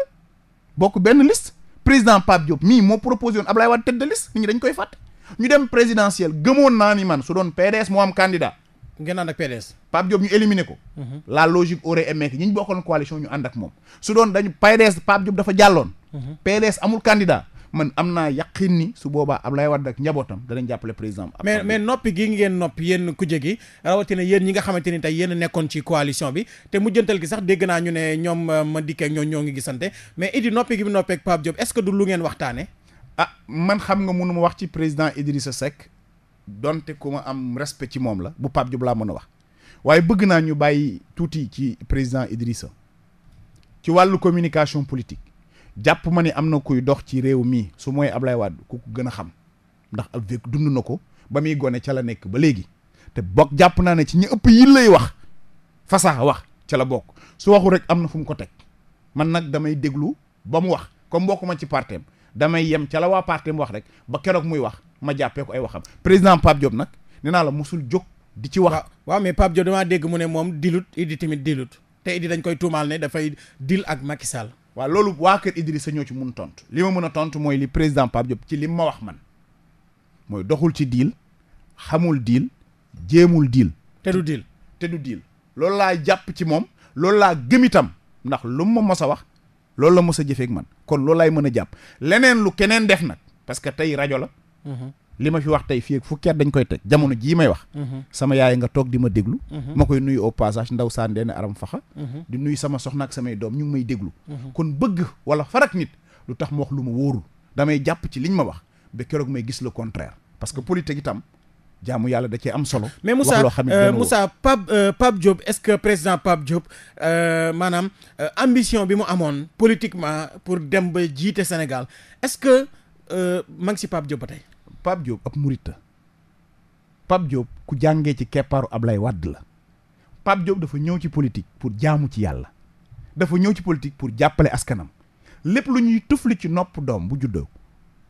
bokk benn liste président Pape Diop mii moo proposé woon Ablaye Wade tête de liste nit ñi dañ koy fàtte ñu dem présidentielle gëmoon naa ni man su doon PDS moo am candidat. ngeen ànd ak PDS. Pape Diop ñu éliminé ko. Mhm. la logique aurait aimé que ñi ñu bokkoon coalition ñu ànd ak moom su doon dañu PDS Pape Diop dafa jàlloon. Mhm. PDS amul candidat. man am naa yaqin ni su boobaa Ablaye Wade ak njabootam danañ jàppale président mais mais noppi gi ngeen noppi yéen kuje gi rawatina yéen ñi nga xamante ni tey yéen a nekkoon ci coalition bi te mujjantal gi sax dégg naa ñu ne ñoom euh, Madické ak ñoom ñoo ngi gisante mais Idi noppi gi mu noppeeg Pape Diop est-ce que du lu ngeen waxtaane ah man xam nga mënu ma wax ci président sa Seck donte ku ma am respect ci moom la bu Pape Diop laa mën a wax waaye bëgg naa ñu bàyyi tuuti ci président Idrissa ci wàllu communication politique jàpp ma ni am na kuy dox ci réew mi su mooy Ablaye Wade ku gën a xam ndax ab vécu dund na ko ba muy gone ca la nekk ba léegi te bokk jàpp naa ne ci ñi ëpp yi lay wax fasax wax ca la bokk su waxu rek am na fu mu ko teg man nag damay déglu ba mu wax comme bokk ma ci partem damay yem ca la waa partem wax rek ba keroog muy wax ma jàppee ko ay waxam président Pape Diop nag ne naa la mosul jóg di ci wax. waaw mais Pape Diop damaa dégg mu ne moom dilut Idi tamit dilut te Idi dañ koy tuumaal dafay dil ak Macky Sall waa loolu waa kër Idrissa ñoo ci mun tontu li ma mën a tontu mooy li président Pape Diop ci lim ma wax man mooy doxul ci diil xamul diil jéemul diil. te du diil te diil. loolu laa jàpp ci moom loolu laa gëm itam ndax lum ma mos a wax loolu la mos a jëfee man kon loolu laay mën a jàpp leneen lu keneen def nag parce que tey rajo la. Mm-hmm. li ma fi wax tey fii ak fukki dañ koy tëj jamono jii may wax mhm. sama yaay nga toog di ma déglu mhm. ma koy nuyu au passage ndaw saandeen aram faxa mhm. di nuyu sama soxna ak samay doom ñu ngi may déglu kon bëgg wala farak nit lu tax mu wax lu ma wóorul damay jàpp ci liñ ma wax ba keroog may gis le contraire parce que politique itam jaamu yàlla da cee am solo. mais Moussa euh, Moussa Pape euh, Pape Diop est-ce que président Pape Diop euh, maanaam ambition bi mu amoon politiquement pour dem ba jiite Sénégal est-ce que maa ngi si Pape Diop ba tey. Pape Diop ab murit la Pape ku jàngee ci keppaaru Ablaye Wade la Pape Diop dafa ñëw ci politique pour jaamu ci yàlla dafa ñëw ci politique pour jàppale askanam lépp lu ñuy tufli ci nopp doom bu juddoo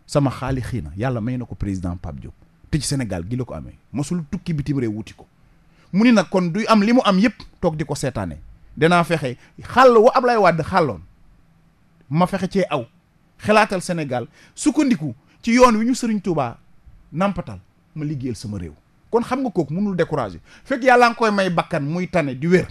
sama xaali xii na yàlla may na ko président Pape Diop te ci Sénégal gi ko amee mosul tukki bitim réew wuti ko mu ni nag kon duy am li mu am yépp toog di ko seetaane danaa fexe xàll wa Ablaye Wade xàlloon ma fexe cee aw xalaatal Sénégal sukkandiku ci yoon wi ñu sëriñ Touba nampatal ma liggéeyal sama réew kon xam nga kooku mënul décourager fekk yàlla nga koy may bakkan muy tane di wér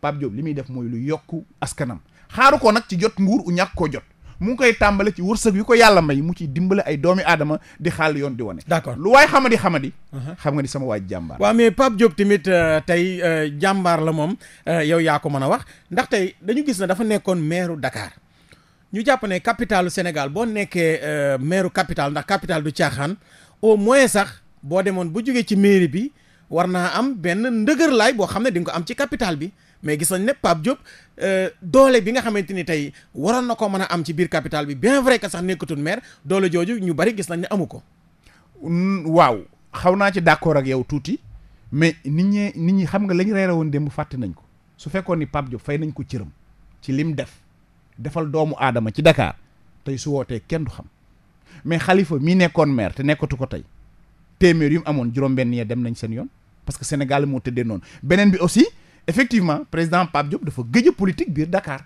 Pape Diop li muy def mooy lu yokk askanam xaaru ko nag ci jot nguur u koo jot mu ngi koy tàmbale ci wërsëg yu ko yàlla may mu ci dimbale ay doomi aadama di xaal yoon di wane. d'accord lu waay xamadi xamadi. Uh-huh. xam nga ni sama waaj jàmbaar. waaw mais Pape Diop tamit euh, tey euh, jàmbaar la moom euh, yow yaa ko mën a wax ndax tey dañu gis ne dafa nekkoon maire dakaar ñu jàpp ne capitalu Sénégal boo nekkee euh, maire capital ndax capital du caaxaan au moins sax boo demoon bu jógee ci mairie bi war naa am benn ndëgër laay boo xam ne di ko am ci capital bi mais gis nañ ne Pape Diop euh, doole bi nga xamante ni tey waroon na ko mën a am ci biir capital bi bien vrai que sax nekkatul maire doole jooju ñu bari gis nañ ne amu ko. waaw xaw naa ci d'accord ak yow tuuti mais nit ñi nit ñi xam nga la ñu reere woon démb fàtte nañ ko su fekkoon ni Pape Diop fay nañ ko cëram ci lim def. defal doomu aadama ci dakaar tey su wootee kenn du xam mais xalifa mi nekkoon maire te nekkatu ko tey téeméer yu mu amoon juróom-benn ya dem nañ seen yoon parce que Sénégal moo tëddee noonu beneen bi aussi effectivement président Pape Diop dafa gëj a biir dakaar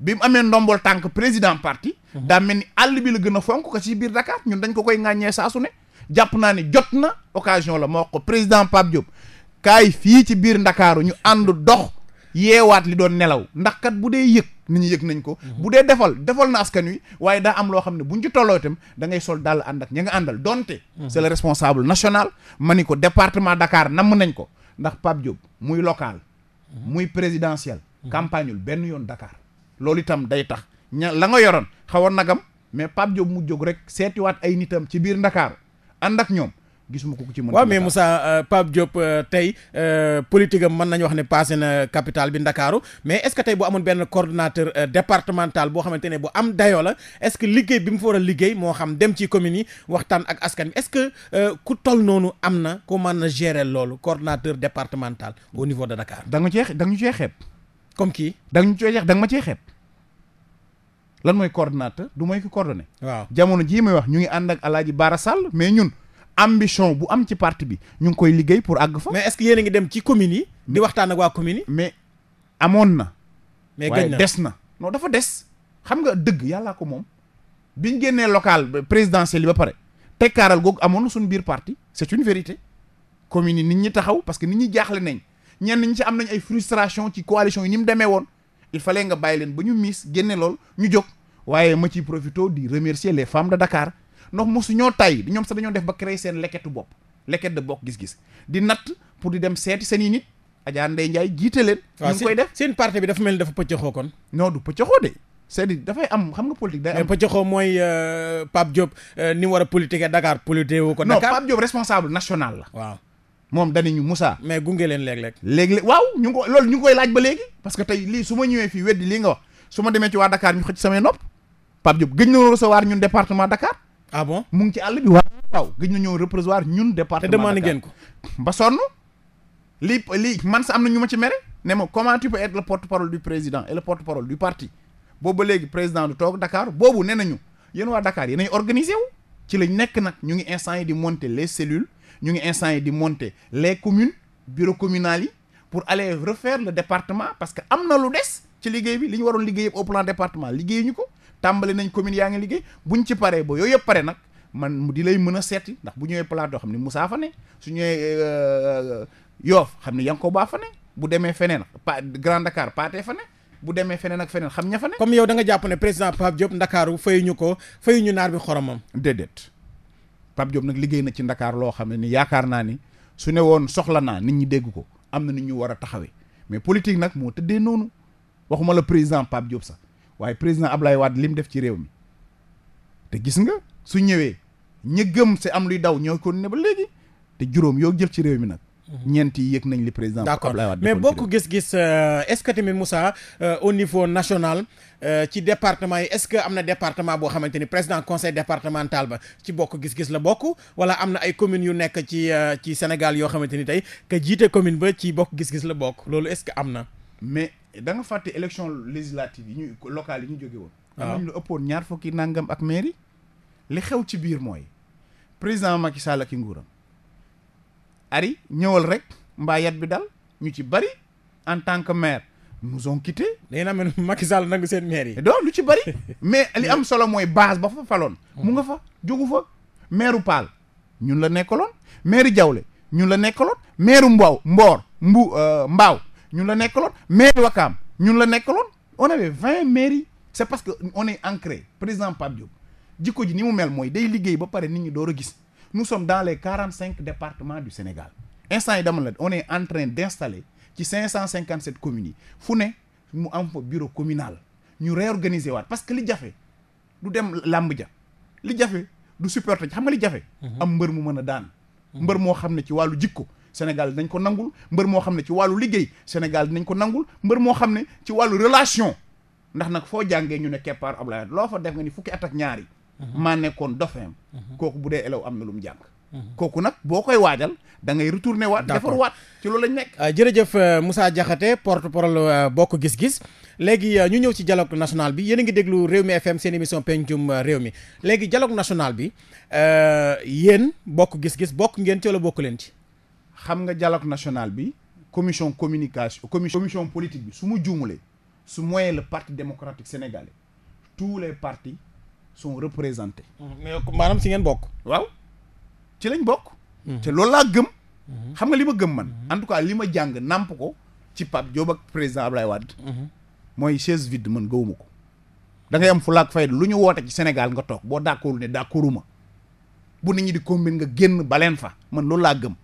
bi mu amee ndombol tànk président parti mhm. daa mel ni àll bi la gën a fonk ko ci biir Dakar ñun dañ ko koy ŋàññee saasu ne jàpp naa ne jot na occasion la moo wax ko président Pape Diop kaay fii ci biir Ndakaaru ñu ànd dox yeewaat li doon nelaw ndax kat bu dee yëg nit ñi yëg nañ ko mhm. bu dee defal defal na askan wi waaye daa am loo xam ne buñ ci tolloo itam da ngay sol ànd ak ña nga àndal donte mhm. c'est le national ma ni ko département Dakar namm nañ ko ndax Pape muy local mhm. muy présidentiel campagneul benn yoon Dakar loolu itam day tax la nga yoroon xawoon nagam mais Pape Diop mu jóg rek seetiwaat ay nitam ci biir Ndakaaru ànd ak ñoom gisuma ko ku ci euh, euh, euh, mën nañu wax ne passé na capital bi Ndakaaru mais est ce que tey bu amoon benn coordonnateur départemental boo xamante ne bu am dayoo la est ce que liggéey bi mu fa war a liggéey moo xam dem ci commune yi waxtaan ak askan bi est ce que ku tol noonu am na ku mën a gérer loolu coordonnateur départemental au niveau de Dakar da nga cee da nga ñu cee xeeb comme kii da nga ñu cee xeeb da ma cee xeeb lan mooy coordonnateur du mooy ki coordonné waaw jamono jii may wax ambition bu am ci parti bi ñu ngi koy liggéey pour àgg fa. mais est-ce que yéen dem ci communes yi. di waxtaan waa communes mais amoon na. mais des na. non dafa des xam nga dëgg yàllaa ko moom biñ génnee local présidentiel yi ba pare tekkaaral googu amoon na suñu biir parti c'est une vérité communes yi nit ñi taxaw parce que nit ñi jaaxle nañ ñenn ñi ci am nañ ay frustration ci coalition yi ni mu demee woon il fallait nga bàyyi leen ba ñu miis génne lool ñu jóg waaye ma ciy profité di remercier les femmes de Dakar. ndox mosu ñoo tay di ñoom sax dañoo def ba créer seen lekketu bopp lekket de bokk gis-gis di natt di dem seeti seen i nit Adja Ndeye jiite leen ñu ngi def seen parti bi dafa mel ni dafa pëccëxoo kon non du pëccëxoo de cest à am xam nga politique day am pëccëxoo mooy euh, Pape Diop euh, ni mu war a politique ko Dakar non Pape Diop national la waaw moom danañu Moussa mais gunge leen léeg-léeg léeg-léeg waaw ñu ngi ko loolu ñu ngi koy laaj ba léegi parce que tey lii su ma ñëwee fii weddi lii nga wax su ma demee ci waa Dakar ñu xëcc samay nopp Pape Diop gëj na recevoir ñun département Dakar ah bon mu ngi ci àll bi war taw gëj na ñëw représenter ñun département. te demandé ngeen ko ba sonn. lii lii man sa am na ñu ma ci mere ne ma comment tu peux être le porte-parole du président et le porte-parole du parti boobu léegi président du toog Dakar boobu nee nañu yéen waa Dakar yéenay organisé wu. ci lañ nekk nag ñu ngi instant yi di monter les cellules ñu ngi instant yi di monter les commune bureaux communal yi pour aller refaire le département parce que am na lu des ci liggéey bi li ñu waroon liggéey au plan département liggéey ñu ko. tàmbali nañ commune yaa ngi liggéey buñ ci pare ba yooyu yëpp pare nag man di lay mën a seeti ndax bu ñëwee plateau xam ni Moussa fa ne su ñëwee euh, Yoff xam ni Yankoba fa ne bu demee feneen pa Grand Dakar Pathé fa ne bu demee feneen ak feneen xam ña fa ne. comme yow da nga jàpp ne président Pape Diop Ndakaaru fayuñu ko fayuñu naar bi xoromam. déedéet Pape Diop nag liggéey na ci Ndakaar loo xam ne ni yaakaar naa ni su ne woon soxla naa nit ñi dégg ko am na nit ñu war a taxawee mais politique nag moo tëddee noonu waxuma la président Pape Diop sax waaye président Ablaye Wade li mu def ci réew mi te gis nga su ñëwee ña gëm si am luy daw ñoo kon ne ba léegi te juróom yoo jël ci réew mi nag. Mhm. ñeent yi yëg nañ li président. d'accord mais bokk gis-gis euh, est-ce que tamit Moussa euh, au niveau national euh, ci département yi est que am na département boo xamante ni président conseil départemental ba ci bokk gis-gis la bokk wala am na ay communes yu nekk ci ci Sénégal yoo xamante ni tey ka jiite commune ba ci bokk gis-gis la bokk loolu est-ce que am na. da nga fàtte élection législative yi ñu locale yi ñu jóge waaw ah. am nañ lu ëppoon ñaar fokki nangam ak mairie. li xew ci biir mooy président Macky Sall ak i nguuram ari ñëwal rek mbaa yat bi dal ñu ci bari en tant que maire nous ont quitté. day naa mel [LAUGHS] ni Macky Sall nangu seen maire yi. donc lu ci bari [LAUGHS] mais li am solo mooy baas ba fa faloon. mu nga fa jógu fa. mairu Paal ñun la nekkaloon maire Jawle ñun la nekkaloon maire Mbow Mboor Mbu euh, Mbaaw ñun la nekkaloon mairie Wakaam ñun la nekkaloon on vingt mairies c' est parce que one est ancré président Pape Diop jikko ji ni mu mel mooy day liggéey ba pare nit ñi door a gis nous sommes dans les quarante cinq départements du Sénégal instant yi dama la on est en train d' ci cinq cent cinquante sept communes yi fu ne mu am fa bureau communal ñu réorganiser waat parce que li jafe du dem làmb ja li jafe du supporter xam nga li jafe. Mhm. am mbër mu mën a daan. Mhm. mbër moo xam ne ci wàllu jikko Sénégal dañ ko nangul mbër moo xam ne ci wàllu liggéey Sénégal dinañ ko nangul mbër moo xam ne ci wàllu relation ndax nag foo jàngee ñu ne keppaar Ablaye loo fa def nga ni fukki atak ñaari mhm. maa nekkoon dofeem mhm. kooku bu dee elew am na lu mu jàng mhm. kooku nag boo koy waajal da ngay retourner waat defar waat ci loolu lañ nekk euh, jërëjëf euh, Moussa Diakhaté porte-parole euh, bokk gis-gis léegi ñu ñëw ci dialogue national bi yéen a ngi déglu réew mi FM seen émission pencum réew mi léegi dialogue national bi yéen bokk gis-gis bokk ngeen ci wala bokk leen ci xam nga dialogue national bi commission communication commission politique bi su ma juumulee su mooyee le parti démocratique sénégalais tous les partis sont représentés. Mm-hmm. mais maanaam si ngeen bokk. waaw ci lañ bokk. Mm-hmm. te loolu laa gëm. Mm-hmm. xam nga li ma gëm man. en tout cas li ma jàng nàmp ko ci Pape Diop ak président Ablaye Wade. mooy chaise vide man gëwuma ko. da ngay am fulaak fayda lu ñu woote ci Sénégal nga toog boo d'accordul ne d'accorduma bu nit ñi di combine nga génn baleen fa man loolu laa gëm.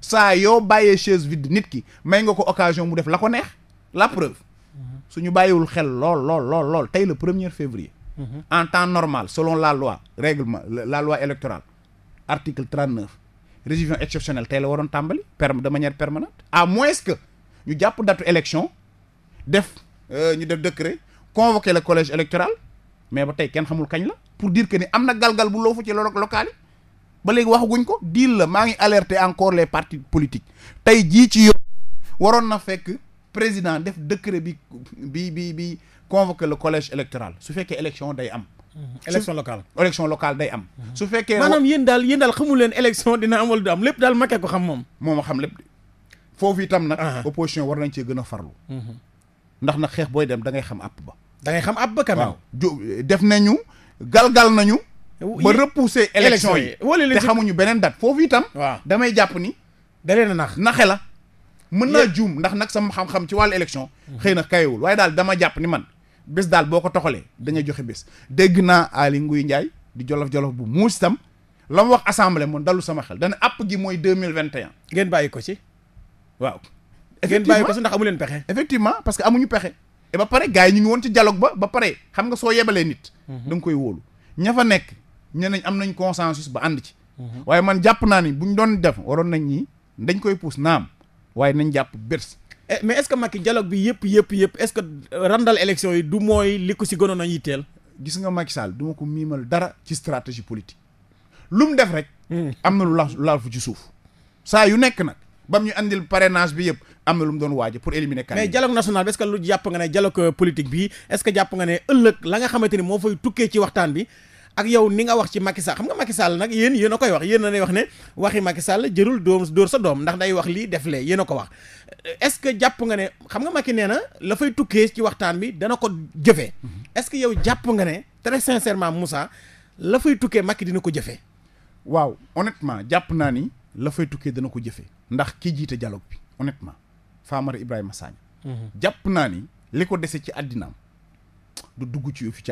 saa yoo bàyyee chaise vide nit ki may nga ko occasion mu def la ko neex la preuve mhm. su ñu bàyyiwul xel lool lool lool lool tey le premier février. Mhm. en temps normal selon la loi règlement la loi électorale article trente neuf révision exceptionnelle tey la waroon tàmbali perm de manière permanente. à moins que ñu jàpp datu élection def euh, ñu def décret convoquer le collège électoral mais ba tey kenn xamul kañ la pour dire que ni am na galgal bu loo fu ci local ba léegi waxaguñ ko diil la maa ngi alerter encore les partis politiques tey jii ci yoon waroon na fekk président def décret bi bi bi bi convoquer le collège électoral su fekkee élection day am. Mhm. élection locale élection locale day am. Mhm. su fekkee maanaam yéen daal yéen daal xamul leen élection dina am wala du am lépp daal makkee ko xam moom. moom xam lépp foofu itam nag. Uh-huh. opposition war nañ cee gën a farlu. Mhm. ndax nag xeex booy dem da ngay xam àpp ba. da ngay xam àpp ba kanam. waaw def nañu galgal nañu. ba repousser élection yi wala te xamuñu beneen date foofu itam waaw damay jàpp ni da leen a nax naxe la mën naa juum ndax nag sama xam-xam ci wàll élection xëy na kayewul waaye daal dama jàpp ni man bés daal boo ko toxalee da joxe bés dégg naa Aly Ngouille Ndiaye di jolof-jolof bu muus tam la ma wax assemblée moom dalu sama xel dana àpp gi mooy deux mille vingt et un bàyyi ko ci waaw ngeen bàyyi ko ci ndax leen pexe effectivement parce que amuñu pexe et ba pare gars yi ñu ngi woon ci dialogue ba ba pare xam nga soo yebalee nit mhm. da nga koy wóolu ña fa nekk ñeneen am nañ consensus ba ànd ci. Mhm. waaye man jàpp naa ni bu ñu doon def waroon nañ ñi dañ koy puus naam waaye nañ jàpp bërs. Eh, mais est-ce que Macky dialogue bi yëpp yëpp yëpp est-ce que randal élection yi du mooy li ko si gënoon a yitteel. gis nga Macky Sall du ma ko miimal dara ci stratégie politique lu mu def rek. Hmm. am na lu laal laal fu ci suuf. saa yu nekk nag ba mu ñu andil parrainage bi yëpp am na lu mu doon waaj pour éliminer. mais dialogue national bi est-ce lu jàpp nga ne dialogue euh, politique bi ne moo fay tukkee ci waxtaan bi. ak yow ni nga wax ci Macky Sall xam nga Macky Sall nag yéen yéen a koy wax yéen a lay wax ne waxi Macky Sall jërul doom door sa doom ndax day wax lii def lee yéen a ko wax euh, est-ce que jàpp nga ne xam nga Macky nee na la fay tukkee ci waxtaan bi dana ko jëfee mhm. est-ce que yow jàpp nga ne très sincèrement Moussa la fay tukkee Macky dina ko jëfee waaw honnêtement jàpp naa ni la fay tukkee dana ko jëfee ndax kii jiite dialogue bi honnêtement Famara Ibrahima Sagna mhm. jàpp naa ni li ko dese ci àddinaam du dugg ci yu fi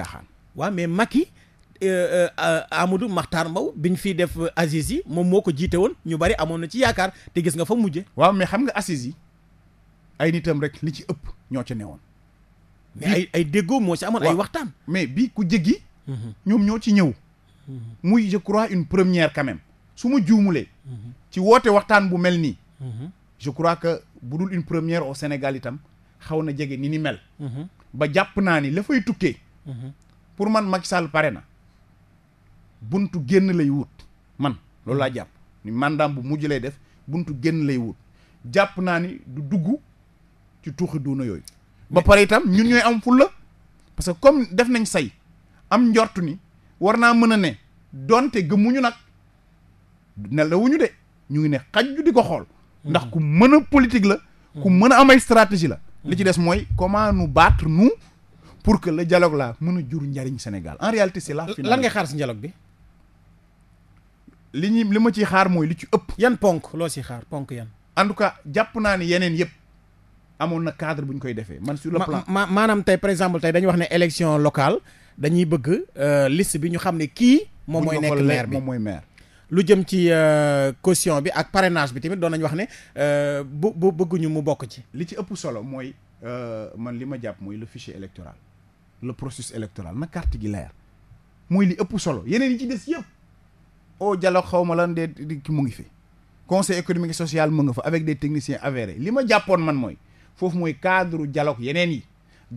Euh, euh, euh, Amadou Makhtar Mbow bi ñu fi def assises moom moo ko jiite woon ñu bari amoon na ci yaakaar te gis nga fa mujje waaw mais xam nga assisi ay nitam rek li ci ëpp ñoo ca newoon. mais ay ay déggoo moo ci amoon ay waxtaan. mais bi ku jéggi. Mhm. ñoom ñoo ci ñëw. Mhm. muy je crois une première quand même su ma juumulee. Mhm. ci woote waxtaan bu mel nii. je crois que bu dul une première au Sénégal itam xaw na jege ni ni mel. ba jàpp naa ni la fay tukkee. pour man Macky pare na. buntu génn lay wut man loolu laa jàpp ni mandaam bu mujj lay def buntu génn lay wut jàpp naa ni du dugg ci tuuxi duuna yooyu ba pare itam ñun ñooy am fulla parce que comme def nañ say am njort ni war naa mën a ne donte gëmuñu nag nelawuñu de ñu ngi ne xajju di ko xool hmm. ndax ku mën a politique la ku hmm. mën a am ay stratégie la li ci hmm. des mooy comment nous battre nous pour que la jaloog laa mën a jur njariñ Sénégal en réalité c'est la finalité lan ngay xaar si dialogue bi li ñuy li ma ciy xaar mooy li ci ëpp. yan ponk loo si xaar ponk yan. en tout cas jàpp naa ni yeneen yëpp amoon na cadre bu ñu koy defee man. sur le plan ma maanaam tey par exemple tey dañu wax ne élection locale dañuy bëgg euh, liste bi ñu xam ne kii. moom mooy nekk maire bi mooy maire. lu jëm ci euh, caution bi ak parrainage bi tamit doon nañu wax ne euh, bu bu bëgguñu mu bokk ci. li ci ëpp solo mooy man li ma jàpp mooy le fichier électoral le processus électoral na carte gi leer mooy li ëpp solo yeneen yi ci des yëpp. au dialogue xaw ma lan de ki mu ngi fi conseil économique et social mu nga fa avec des technicien avérés li ma jàppoon man mooy foofu mooy cadre dialogue yeneen yi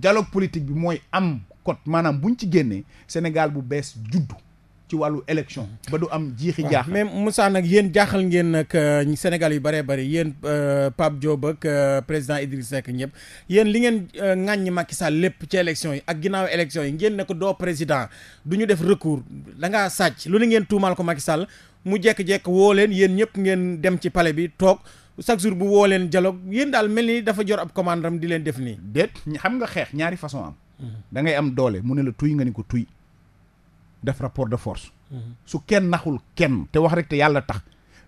dialogue politique bi mooy am code maanaam buñ ci génnee Sénégal bu bees juddu ci wàllu élection ba du am jiixi jaax mais Moussa nag yéen jaaxal ngeen nag euh, Sénégal yu bëree bëri yéen euh, Pape Diop ak euh, président Idriss Seck ñëpp yéen li ngeen ŋàññi Macky Sall lépp ci élection yi ak ginnaaw élection yi ngeen ne ko doo président du ñu def recours da ngaa sàcc lu ne ngeen tuumaal ko Macky Sall mu jekk-jekk woo leen yéen ñëpp ngeen dem ci pale bi toog chaque jour bu woo leen dialogue yéen daal mel ni dafa jor ab commande am di leen def nii déet xam nga xeex ñaari façon am mhm. da ngay am doole mu ne la tuy nga ni ko tuy def rapport de force. Mhm. su kenn naxul kenn te wax rek te yàlla tax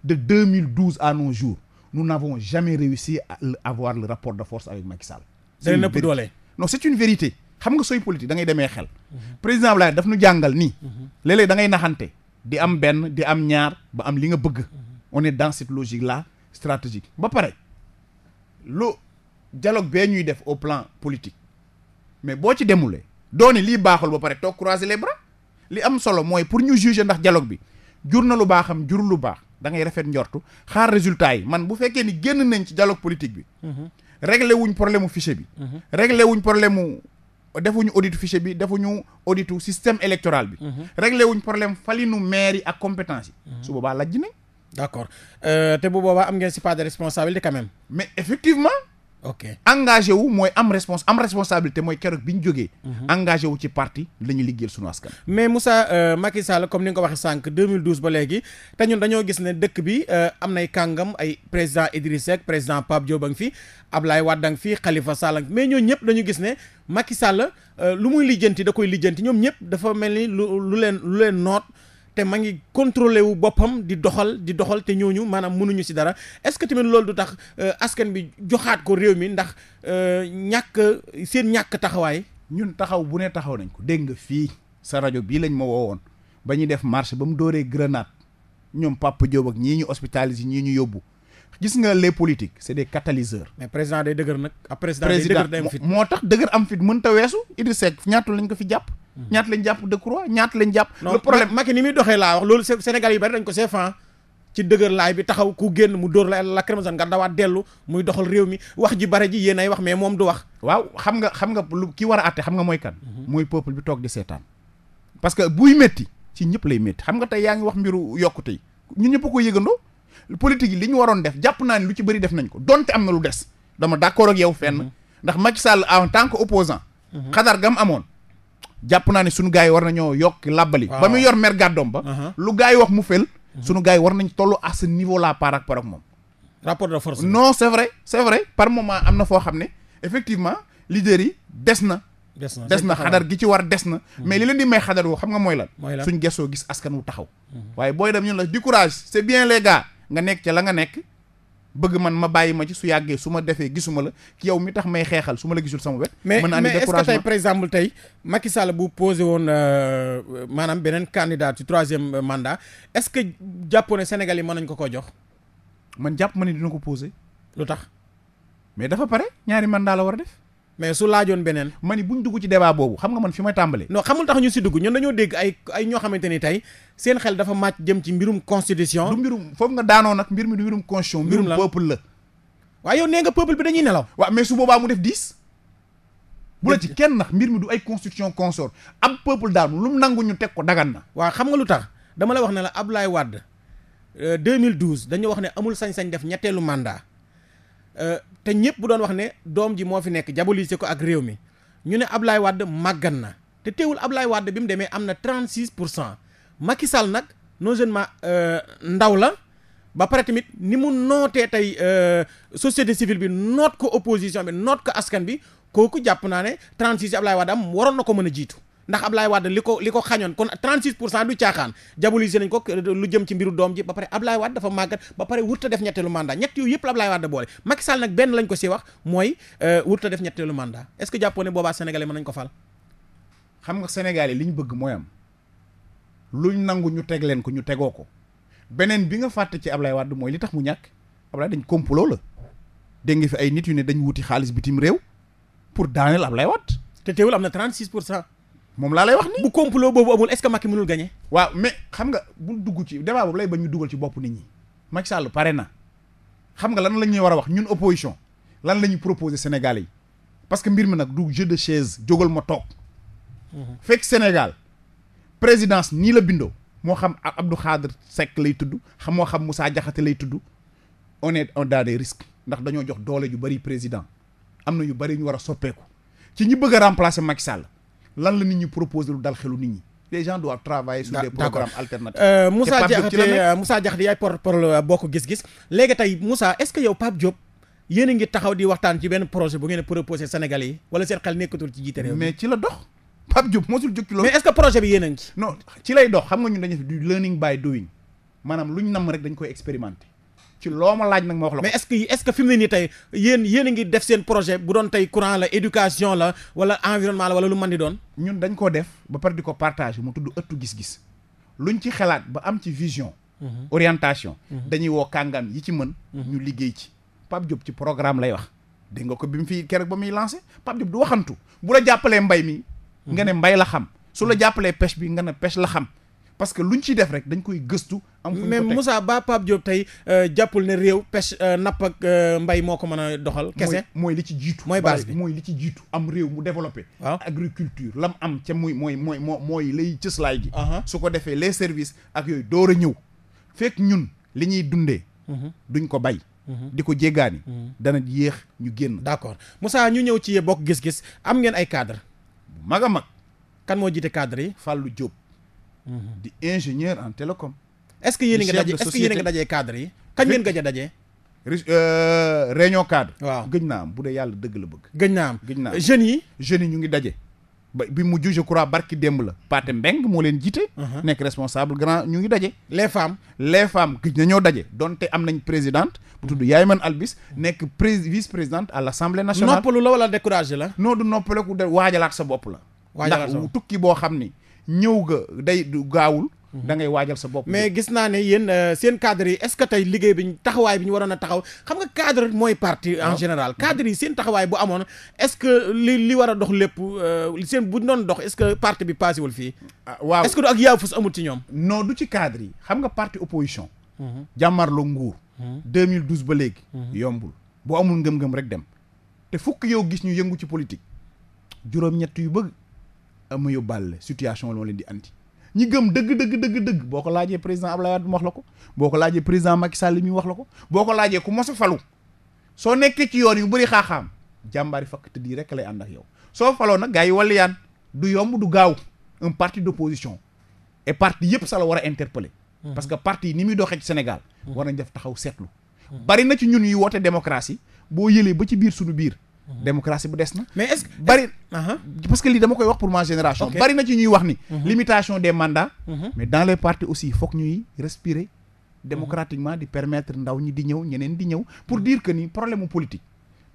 de 2012 à nos jours nous n'avons jamais réussi à avoir le rapport de force avec Macky Sall. day nëpp doole non c'est une vérité xam nga sooy politique da ngay demee xel. Mhm. président Abdoulaye daf nu jàngal nii. Mhm. léeg-léeg da ngay naxante di am benn di am ñaar ba am li nga bëgg. on est dans cette là stratégique ba pare lu dialogue bee ñuy def au plan politique mais boo ci demulee dooni lii baaxul ba pare toog croiser les bras. li am solo mooy pour ñu juger ndax dialogue bi jur na lu baaxam jur lu baax da ngay rafet njortu xaar résultat yi man bu fekkee ni génn nañ ci dialogue politique bi. Mhm. réglé wuñ problème mu fichier bi. Mhm. réglé wuñ problème mu defuñu audit fichier bi defuñu auditu système électoral bi. Mhm. réglé wuñ problème falinu maire yi ak compétence yi. su boobaa lajj nañ. d'accord euh, te bu boobaa am ngeen si part de responsabilité quand mais effectivement. ok engagé wu mooy am respons am responsabilité mooy keroog bi ñu jógee. Mhm. engagé wu ci parti la ñu liggéeyal sunu askan. mais Moussa euh, Macky Sall comme ni nga ko waxee sànq 2012 ba léegi te ñun dañoo gis ne dëkk bi euh, am nay kàngam ay président Idriss Seck président Pape Diop a ngi fi Ablaye Wade a ngi fi Khalifa Sall fi mais ñooñu ñëpp dañu gis ne Macky Sall euh, lu muy lijjanti da koy lijjanti ñoom ñëpp dafa mel ni lu lu leen lu leen noot. te ma ngi contrôlé wu boppam di doxal di doxal te ñooñu maanaam mënuñu si dara est-ce que tamit loolu du tax euh, askan bi joxaat ko réew mi ndax euh, ñàkk seen ñàkk taxawaay. ñun taxaw bu ne taxaw nañ ko dégg nga fii sa rajo bii lañ ma woowoon ba ñu def marché ba mu dooree grenade ñoom pàpp Diop ak ñii ñu hospitalisé ñii ñu yóbbu. gis nga les politiques c' est des catalyseurs. mais président day dëgër nag. président day dëgër day am fit moo tax dëgër am fit mënut a weesu Idrissa Seck ñaata lañ ko fi jàpp. ñaata lañ jàpp Decroix ñaata lañ jàpp. le problème Macky ni muy doxee laa wax loolu Sénégal yi bari dañ ko seefan ci dëgër laay bi taxaw ku génn mu dóor la lacrymogène nga dawaat dellu muy doxal réew mi wax ji bare ji yéen ay wax mais moom du wax. waaw xam nga xam nga lu ki war a àtte xam nga mooy kan. toog di seetaan. parce que buy métti ci ñëpp lay métti xam nga tey yaa ngi wax mbiru yokkute yi ñëpp ko yëgandoo politique yi li ñu waroon def jàpp naa ne lu ci bëri def nañ ko donte am na lu des dama d'accord ak yow fenn mhm. ndax Macky Sall en tant que opposant mhm. xadar gam amoon jàpp naa ne suñu gars yi war nañoo yokk làbbali ba mu yor mer gàddoom ba uh-huh. lu gars yi wax mu fel mhm. suñu gars yi war nañ toll à ce niveau là par rapport ak moom rapport de force non c'est vrai c'est vrai par moment am na foo xam ne effectivement leader yi des na des na des na xadar gi ci war des na mais li leen di may xadar woo xam nga mooy lan suñ gesoo gis askan wu taxaw waaye booy dem ñun la du nga nekk ca la nga nekk bëgg man ma bàyyi ma ci su yàggee su ma defee gisuma la ki yow mi tax may xeexal su ma la gisul sama wet mais naa ni découragement mais est tey par exemple tey Macky Sall bu posé woon euh, maanaam beneen candidat ci troisième mandat est-ce que jàppoo ne Sénégal yi mën nañ ko ko jox man jàpp ma ne dina ko posé lu tax mais dafa pare ñaari man daal la war a def mais su laajoon beneen ma ni bu ñu dugg ci débat boobu xam nga man fi may tàmbalee non xamul tax ñu si dugg ñun dañoo dégg ay ay ñoo xamante ni tey seen xel dafa màcc jëm ci mbirum constitution mbirum foofu nga daanoo nag mbir mi du mbirum constitution mbirum peuple la waaye yow nee nga peuple bi dañuy nelaw waa mais su boobaa mu def dix bu la ci kenn nax mbir mi du ay constitution consort ab peuple daal lu mu nangu ñu teg ko dagan na waa xam nga lu tax dama la wax ne la Abdoulaye Wade 2012 euh, dañu wax ne amul sañ-sañ def ñetteelu mandat Euh, te ñëpp bu doon wax ne doom ji moo fi nekk diaboliser ko ak réew mi ñu ne Ablaye Wade màggan na te teewul Ablaye Wade bi mu demee am na 36 pour cent Macky Sall nag non seulement euh, ndaw la ba pare tamit ni mu nootee tey euh, société civile bi noot ko opposition bi noot ko askan bi kooku jàpp naa ne 36 yi Ablaye Wade am waroon na ko mën a jiitu. ndax Ablaye Wade li ko li ko xañoon kon 36 pour cent du caaxaan diabolisé nañ ko euh, lu jëm ci mbiru doom ji ba pare Ablaye Wade dafa màggat ba pare wurta def ñetteelu mandat ñett yooyu yëpp la Ablaye Wade boole Macky Sall nag benn lañ ko si wax mooy euh, wurta def ñetteelu mandat est-ce que jàppoo ne boobaa sénégalais mën nañ ko fal xam nga sénégalais li ñu bëgg mooy am luñ nangu ñu teg leen ko ñu tegoo ko beneen bi nga fàtte ci Ablaye Wade mooy li tax mu ñàkk Ablaye dañ complot la dégg nga fi ay nit yu ne dañ wuti xaalis bitim réew pour daaneel Ablaye Wade te teewul am na 36 pour cent moom laa lay wax ni bu complot boobu amul est-ce que Macky mënul gagner waaw mais xam nga bu dugg ci débat boobu lay ba ñu dugal ci bopp ni ñi Macky Sall pare na xam nga lan la ñuy war a wax ñun opposition lan la ñuy proposer sénégal yi parce que mbir mi nag dugg jeu de chaise jógal ma toog mhm. fekk Sénégal présidence nii la bindoo moo xam Abdou Khadre Seck lay tudd xam moo xam Moussa Diakhaté lay tudd on est dans des risques ndax dañoo jox doole ju bari président am na yu bari ñu war a soppeeku ci ñi bëgg a remplacer Sall lan la nit ñi proposer lu dal xelu nit ñi les gens doivent travailler sur des programmes alternatifs euh, euh Moussa Diakhaté Moussa yaay porte-parole euh, bokk gis-gis léegi tey Moussa est-ce que yow Pape Diop yéen a ngi taxaw di waxtaan ci benn projet bu ngeen proposé Sénégalais yi wala seen xel nekkatul ci jiite réew mais ci la dox Pape Diop mosul jóg mais est projet bi yéen a ngi ci non ci lay dox xam nga ñun dañu du learning by doing maanaam lu ñu nam rek dañ koy expérimenter ci loo ma laaj nag ma wax la mais est-ce que est-ce nii tey yen yéen a ngi def seen projet bu doon tey courant la éducation la wala environnement la wala lu man di doon ñun dañ koo def ba pare di ko partage mu tudd ëttu gis-gis lu luñ ci xalaat ba am ci vision mhm. orientation mhm. dañuy woo kàngam yi ci mën mhm. ñu liggéey ci Pape Diop ci programme lay wax dégg nga ko bi mu fi keroog ba muy lancé Pape Diop du waxantu bu la jàppalee mbay mi nga ne mbay la xam su la jàppalee pêche bi nga ne pêche la xam parce que lu luñ ciy def rek dañ koy gëstu. am fu mais Moussa Ba Pape Diop tey euh, jàppul ne réew pêche euh, napp ak euh, mbay moo ko mën a doxal. kese mooy li ci jiitu. mooy base bi mooy li ci jiitu am réew mu développé. waaw agriculture lam am ca muy mooy mooy mooy lay cëslaay gi. Uh-huh. su ko defee les services ak yooyu door a ñëw. fekk ñun li ñuy dundee. Mm-hmm. duñ ko bay. Mm-hmm. di ko jéggaani. Mm-hmm. dana yéex ñu génn. d'accord Moussa ñu ñëw ci bokk gis-gis am ngeen ay cadre mag a mag. kan moo jiite cadre yi. Fallou Diop. Mhm. di ingénieur en télécom. est ce que yéen nga daje est ce que yéen nga dajee cadre yi. kañ ngeen gëj a dajee. Euh, réunion cadre. waaw gëj naa am bu dee yàlla dëgg la bëgg. gëj naa am gëj naa am jeunes yi. jeunes yi ñu ngi daje. ba bi mujj je crois barki démb la. Pate Mbeng moo leen jiite. Uh-huh. nekk responsable grand ñu ngi daje. les femmes les femmes gëj na ñoo daje donte am nañ présidente. bu tudd Yayman Albis. Uh-huh. nekk pré vice présidente à l' assemblée nationale. noppalu la wala découragé la. non du noppaleku de sa bopp la. waajalaat boo xam ni. ñëw ga day du gaawul mhm. da ngay waajal sa bopp mais gis naa ne yéen euh, seen cadre yi est-ce que tey liggéey bi taxawaay bi ñu waroon a taxaw xam nga cadre mooy parti en ah. général cadre yi seen taxawaay bu amoon est-ce que li li war a dox lépp euh, seen bu doon dox est-ce que parti bi paasewul fii ah, waaw est du ak yaafus amul ci ñoom non du ci cadre yi xam nga parti opposition mhm. jàmmarloo nguur 2012 mhm. ba léegi yombul boo amul ngëm-ngëm rek dem te fukk yow gis ñu yëngu ci politique juróom yu bëgg ama yóbbaale situation la moo leen di anti ñi gëm dëgg dëgg dëgg dëgg boo ko laajee président Abdoulaye Wade mu wax la ko boo ko laajee président Macky Sall muy wax la ko boo ko laajee ku mos a falu soo nekkee ci yoon yu bëri xaaxaam jàmbaari fakk te di rek lay ànd ak yow soo faloo nag yi wàllu yaan du yomb du gaaw un parti d'opposition et parti yëpp sa la war a interpeller hmm. parce que parti ni muy doxee ci Sénégal hmm. war nañ def taxaw seetlu hmm. bari na ci ñun yuy woote démocratie boo yëlee ba ci biir suñu biir Mhm. démocratie bu des na. mais est-ce que bari. Uh-huh. parce que lii dama koy wax pour ma génération. bari na ci ñuy wax ni. Mhm. limitation des mandats. Mhm. mais dans les partis aussi foog ñuy respirer. démocratiquement di permettre ndaw ñi di ñëw ñeneen di ñëw. pour diir que ni problème mu politique.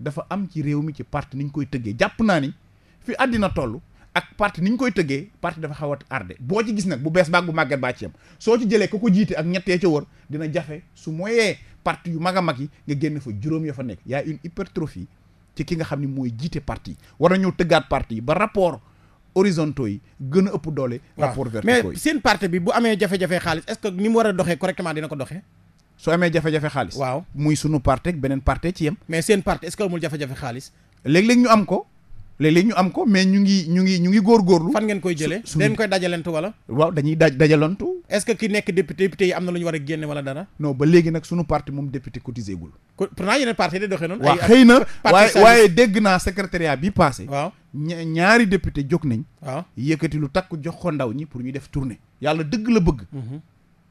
dafa am ci réew mi ci parti ni ñu koy tëggee jàpp naa ni fi àddina toll. ak parti ni ñu koy tëggee parti dafa xaw a arde boo ci gis nag bu bees baag bu màgget baa ci yam soo ci jëlee ko jiite ak ñettee ca wër dina jafe su moyee parti yu mag a mag yi nga génn fa juróom ya fa nekk y une hypertrophie ci ki nga xam ni mooy jiite parti war a ñëw tëggaat parti ba rapport horizontaux yi gën a ëpp doole. rapport verticaux yi mais seen parti bi bu amee jafe-jafe xaalis est-ce que ni mu war a doxee correctement dina ko doxee. su amee jafe-jafe xaalis. waaw muy sunu parti ak beneen parti ci yem. mais seen parti est-ce que amul jafe-jafe xaalis. léeg-léeg ñu am ko. léeg ñu am ko mais ñu ngi ñu ngi ñu ngi góorgóorlu. fan ngeen koy jëlee su ngeen koy dajalantu wala. waaw dañuy daj dajalantu. est-ce que ki nekk député député yi am na lu ñu war a génne wala dara. no ba léegi nag sunu parti moom député cotisé gul. pour pourtant yeneen parti day doxee noonu. ay xëy na waaye waaye dégg naa secrétariat bi passé. waaw ñaari député jóg nañ. waaw yëkkati lu takk jox ko ndaw ñi pour ñu def tournée. yàlla dëgg la bëgg. Mm-hmm.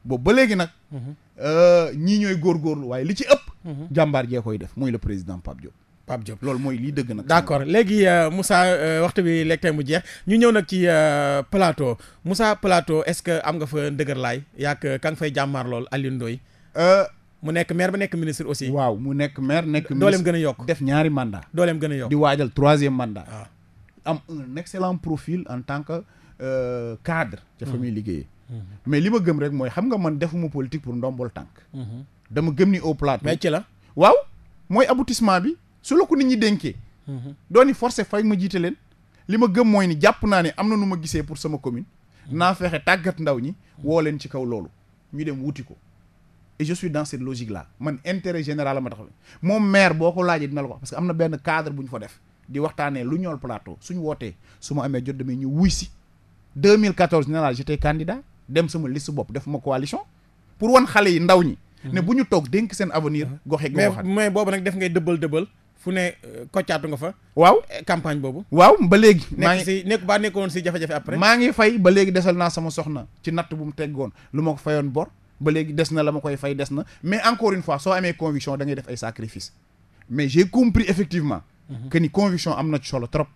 boobu ba léegi nag. Mm-hmm. Euh, ñii ñooy góorlu waaye li ci ëpp. Mm-hmm. jàmbaar jee koy def muy le président Pape Diop Pape Diop loolu mooy lii dëgg nag. d'accord léegi euh, Moussa euh, waxtu bi lekk tey mu jeex ñu ñëw nag ci euh, plateau Moussa plateau est-ce que am nga fa ndëgër laay yaak ka nga fay jàmmaar lool Alioune Ndoye mu nekk maire ba nekk ministre aussi. waaw mu nekk maire nekk. ministre dooleem gën a yokk def ñaari mandat dooleem gën a yokk di waajal troisième mandat. Ah. am un excellent profil en tant que cadre. ca fa muy mm-hmm. liggéeyee. Mm-hmm. mais li ma gëm rek mooy xam nga man defuma politique pour ndombol tànk. Mm-hmm. dama gëm ni au plateau. mais ci la waaw mooy aboutissement bi. su la ko nit ñi dénkee. Mhm. dooni forcé fay ma jiite leen. li ma gëm mooy ni jàpp naa ne am na nu ma gisee pour sama commune. Mhm. naa fexe tàggat ndaw ñi. Mhm. woo leen ci kaw loolu. ñu dem wuti ko. et je suis dans cette logique là man intérêt général la ma tax moom maire boo ko laajee dina la ko wax parce que am na benn cadre bu ñu fa def. di waxtaanee lu ñool plateau suñu wootee su ma amee jot damay ñu wuy si. 2014 nee naa j'étais candidat dem sama liste bopp def ma coalition pour wan xale yi ndaw ñi. ne bu ñu toog dénk seen avenir. gox yeeg mais mais boobu nag def ngay dëbbal dëbbal. fu ne euh, koccaatu nga fa. waaw eh, campagne boobu. waaw ba léegi. maa ngi nekk nekk baa nekkoon si jafe-jafe après. maa ngi fay ba léegi desal naa sama soxna ci natt bu mu teggoon lu ma ko fayoon bor ba léegi des na la ma koy fay des na mais encore une fois soo amee conviction da def ay sacrifice mais j'ai compris effectivement. Mhm. que ni conviction am na ci solo trop.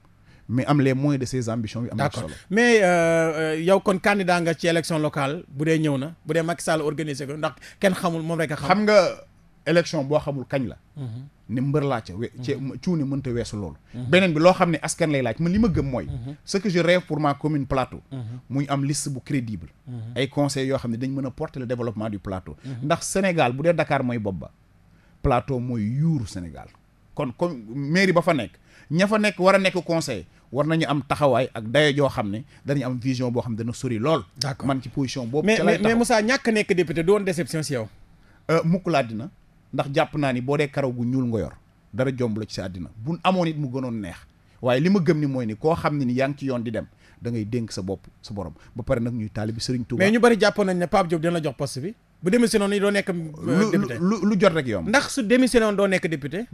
mais am les moyens de ses ambitions. am na solo mais euh, euh, yow kon candidat nga ci élection locale bu dee ñëw na bu dee Macky Sall organisé ko ndax kenn xamul moom xam nga élection boo xamul kañ la. Mhm. ne mbër laa ca we mhm. ci cuune mënta weesu loolu mhm. beneen bi loo xam ne askan lay laaj man li ma gëm mooy mhm. ce que je rêve pour ma commune plateau muy am liste bu crédible ay conseils yoo xam ne dañ mën a porter le développement du plateau ndax Sénégal bu dee dakaar mooy bopp ba plateau mooy yuuru Sénégal kon comme mairie ba fa nekk ña fa nekk war a nekk conseil war nañu am taxawaay ak dayo joo xam ne danañu am vision boo xam ne dana sori lool d'accord man ci position boobu mais mais Moussa ñàkk nekk député doon déception si yow euh, mukk laa dina ndax jàpp naa ni boo dee karaw gu ñuul nga yor dara jomb la ci sa àddina bu amoon it mu gënoon neex waaye li ma gëm ni mooy ni koo xam ne ni yaa ngi ci yoon di dem da ngay dénk sa bopp sa borom ba pare nag ñuy taalibi Serigne Touba. mais ñu bari jàppoon nañ ne Pape Diop dina la jox poste bi. bu démissionné yi doo nekk. Euh, député lu lu jot rek yoom ndax su démissionné woon doo nekk député.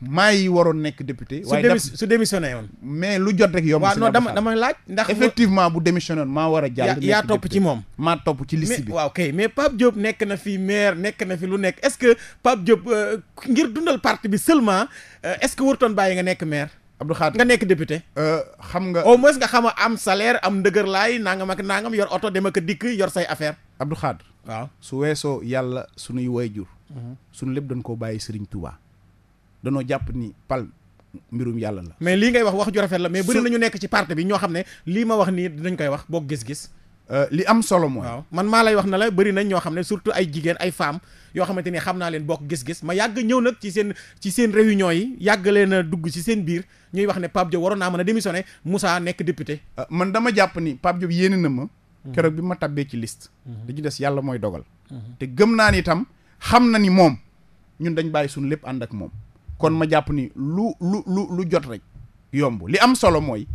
maa yi waroon nekk député. waaye daf su démissionné woon. mais lu jot rek yomb. waaw non dama dama laaj. ndax effectivement bu démissionné woon maa war a jàll. yaa topp ci moom. maa topp ci liste bi. waaw mais Pape Diop nekk na fi maire nekk na fi lu nekk est-ce que Pape Diop euh, ngir dundal parti bi seulement euh, est-ce que warutoon bàyyi nga nekk maire. Abdou Khadre nga nekk député. xam nga au moins nga xam a am salaire am ndëgër laay nangam ak nangam yor oto dem ak dikk yor say affaire Abdou Khadre waaw su weesoo yàlla su sunuy waajur mhm. sunu lépp dañ koo bàyyi Serigne tubaa danoo jàpp ni pal mbirum yàlla la mais lii ngay wax wax ju rafet la mais bëri nañu nekk ci parti bi ñoo ne lii ma wax nii dinañ koy wax bokk gis-gis euh, li am solo mooy man maa lay wax na la bëri nañ ñoo xam ne surtout ay jigéen ay femmes yoo xamante ni xam naa leen bokk gis-gis ma yàgg ñëw nag ci seen ci seen réunion yi yàgg leen a dugg ci seen biir ñuy wax ne Pape Diop waroon naa mën a démissionné Moussa nekk député euh, man dama jàpp ni Pape Diop yéene na ma keroog bi ma tabbee ci list mhm. li des yàlla mooy dogal. Mhm. te gëm naa ni itam xam na ni moom ñun dañ bàyyi suñu lépp ànd ak moom. kon ma jàpp ni lu lu lu lu jot rek yomb li am solo mooy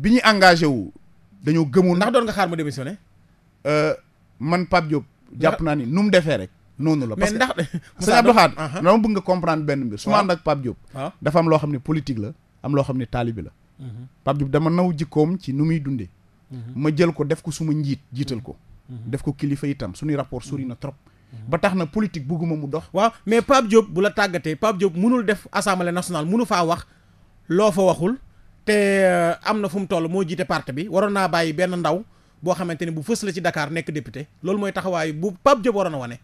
bi ñu engagé wu dañoo gëmoon. ndax doon nga xaar ma démissionné. Euh, man Pape Diop. jàpp naa ni nu mu defee rek. noonu la parce que mais ndax [LAUGHS] sëñ Abdou uh-huh. bëgg nga comprendre benn mbir. su ma ànd ak Pape Diop. dafa am loo xam ne politique la am loo xam ne taalibi la. Mm-hmm. Pape Diop dama naw jikkoom ci nu muy dundee. ma jël ko def ko suma njiit jiital ko def ko kilifa itam suñuy rapport sori na trop ba tax na politique bëgguma mu dox waaw mais Pape Diop bu la tàggatee Pape Diop munul def assemblée national munu faa wax loo fa waxul te euh, am na fu mu toll moo jiite parti bi waroon naa bàyyi benn ndaw boo xamante ni bu fës la ci dakaar nekk député loolu mooy taxawaay bu Pape Diop waroon a wane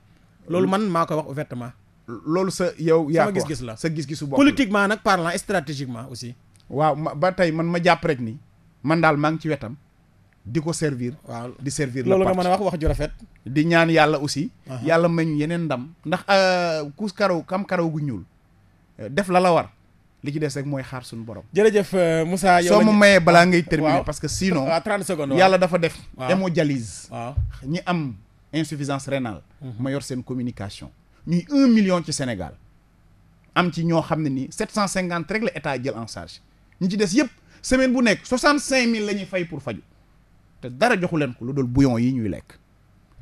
loolu man maa koy wax ouvertement loolu sa yow yaa ko gis la sa gis-gisu bopp politiquement nag parlant stratégiquement aussi waaw ba tey man ma jàpp rek ni man daal maa ngi ci wetam di ko servir. waaw di servir la loolu nga mën a wax wax ju rafet. di ñaan yàlla aussi. Uh-huh. yàlla meññ yeneen ndam. ndax euh, ku karaw kam karaw gu ñuul euh, def la la war. li ci des rek mooy xaar suñu borom. jërëjëf euh, Moussa yow soo ma mayee balaa ah, ngay terminer parce que sinon. [LAUGHS] Ah, waaw 30 secondes yàlla dafa def. hémodialyse. waaw ñi am insuffisance rénale. Mhm. ma yor seen communication. ñuy million ci Sénégal. am ci ñoo xam ne ni nii 750 rek la état jël en charge. ñi ci des yëpp semaine bu nekk 65000 la ñuy fay pour faju te dara joxu leen ko lu dool bouillon yi ñuy lekk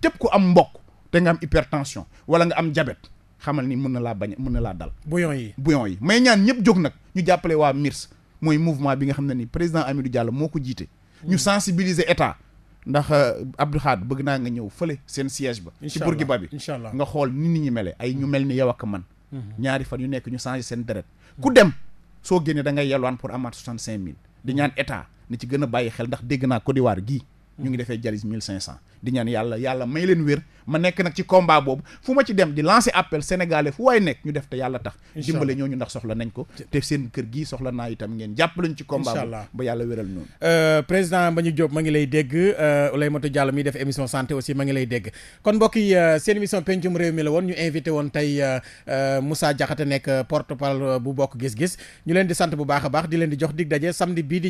képp ku am mbokk te nga am hypertension wala nga am jabet xamal ni mun na laa bañ mun na laa dal. bouillon yi bouillon yi mais ñaan ñëpp jóg nag ñu jàppale waa MIRS mooy mouvement bi nga xam ne ni président Amidou Diallo moo ko jiite. ñu mm. sensibiliser état. ndax euh, Abdou Khad bëgg naa nga ñëw fële seen siège ba. ci Bourguiba bi nga xool ni nit ñi mele ay ñu mm. mel ni yow ak man. Mm-hmm. ñaari fan yu nekk ñu changé seen deret. Mm. ku dem soo génnee dangay ngay yalwaan pour amaat soixante cinq mille. di ñaan état ni ci gën a bàyyi xel ndax dégg naa Côte d'Ivoire gii. ñu ngi defee jalis mille cinq cent di ñaan yàlla yàlla may leen wér ma nekk nag ci combat boobu fu ma ci dem di lancer appel sénégalais fu waay nekk ñu def te yàlla tax dimbale ñooñu ndax soxla nañ ko te seen kër gi soxla naa itam ngeen jàpp jàppalañ ci combat boobu ba yàlla wéral noonu euh, président Mbagnick Diop ma ngi lay dégg euh, Ouleymatou jàll mi def émission santé aussi ma ngi lay dégg kon mbokk yi euh, seen émission pencum réew mi la woon ñu invité woon tey Moussa Diakhaté nekk porte-parole bu bokk gis-gis ñu leen di sant bu baax a baax di leen di jox dig daje samedi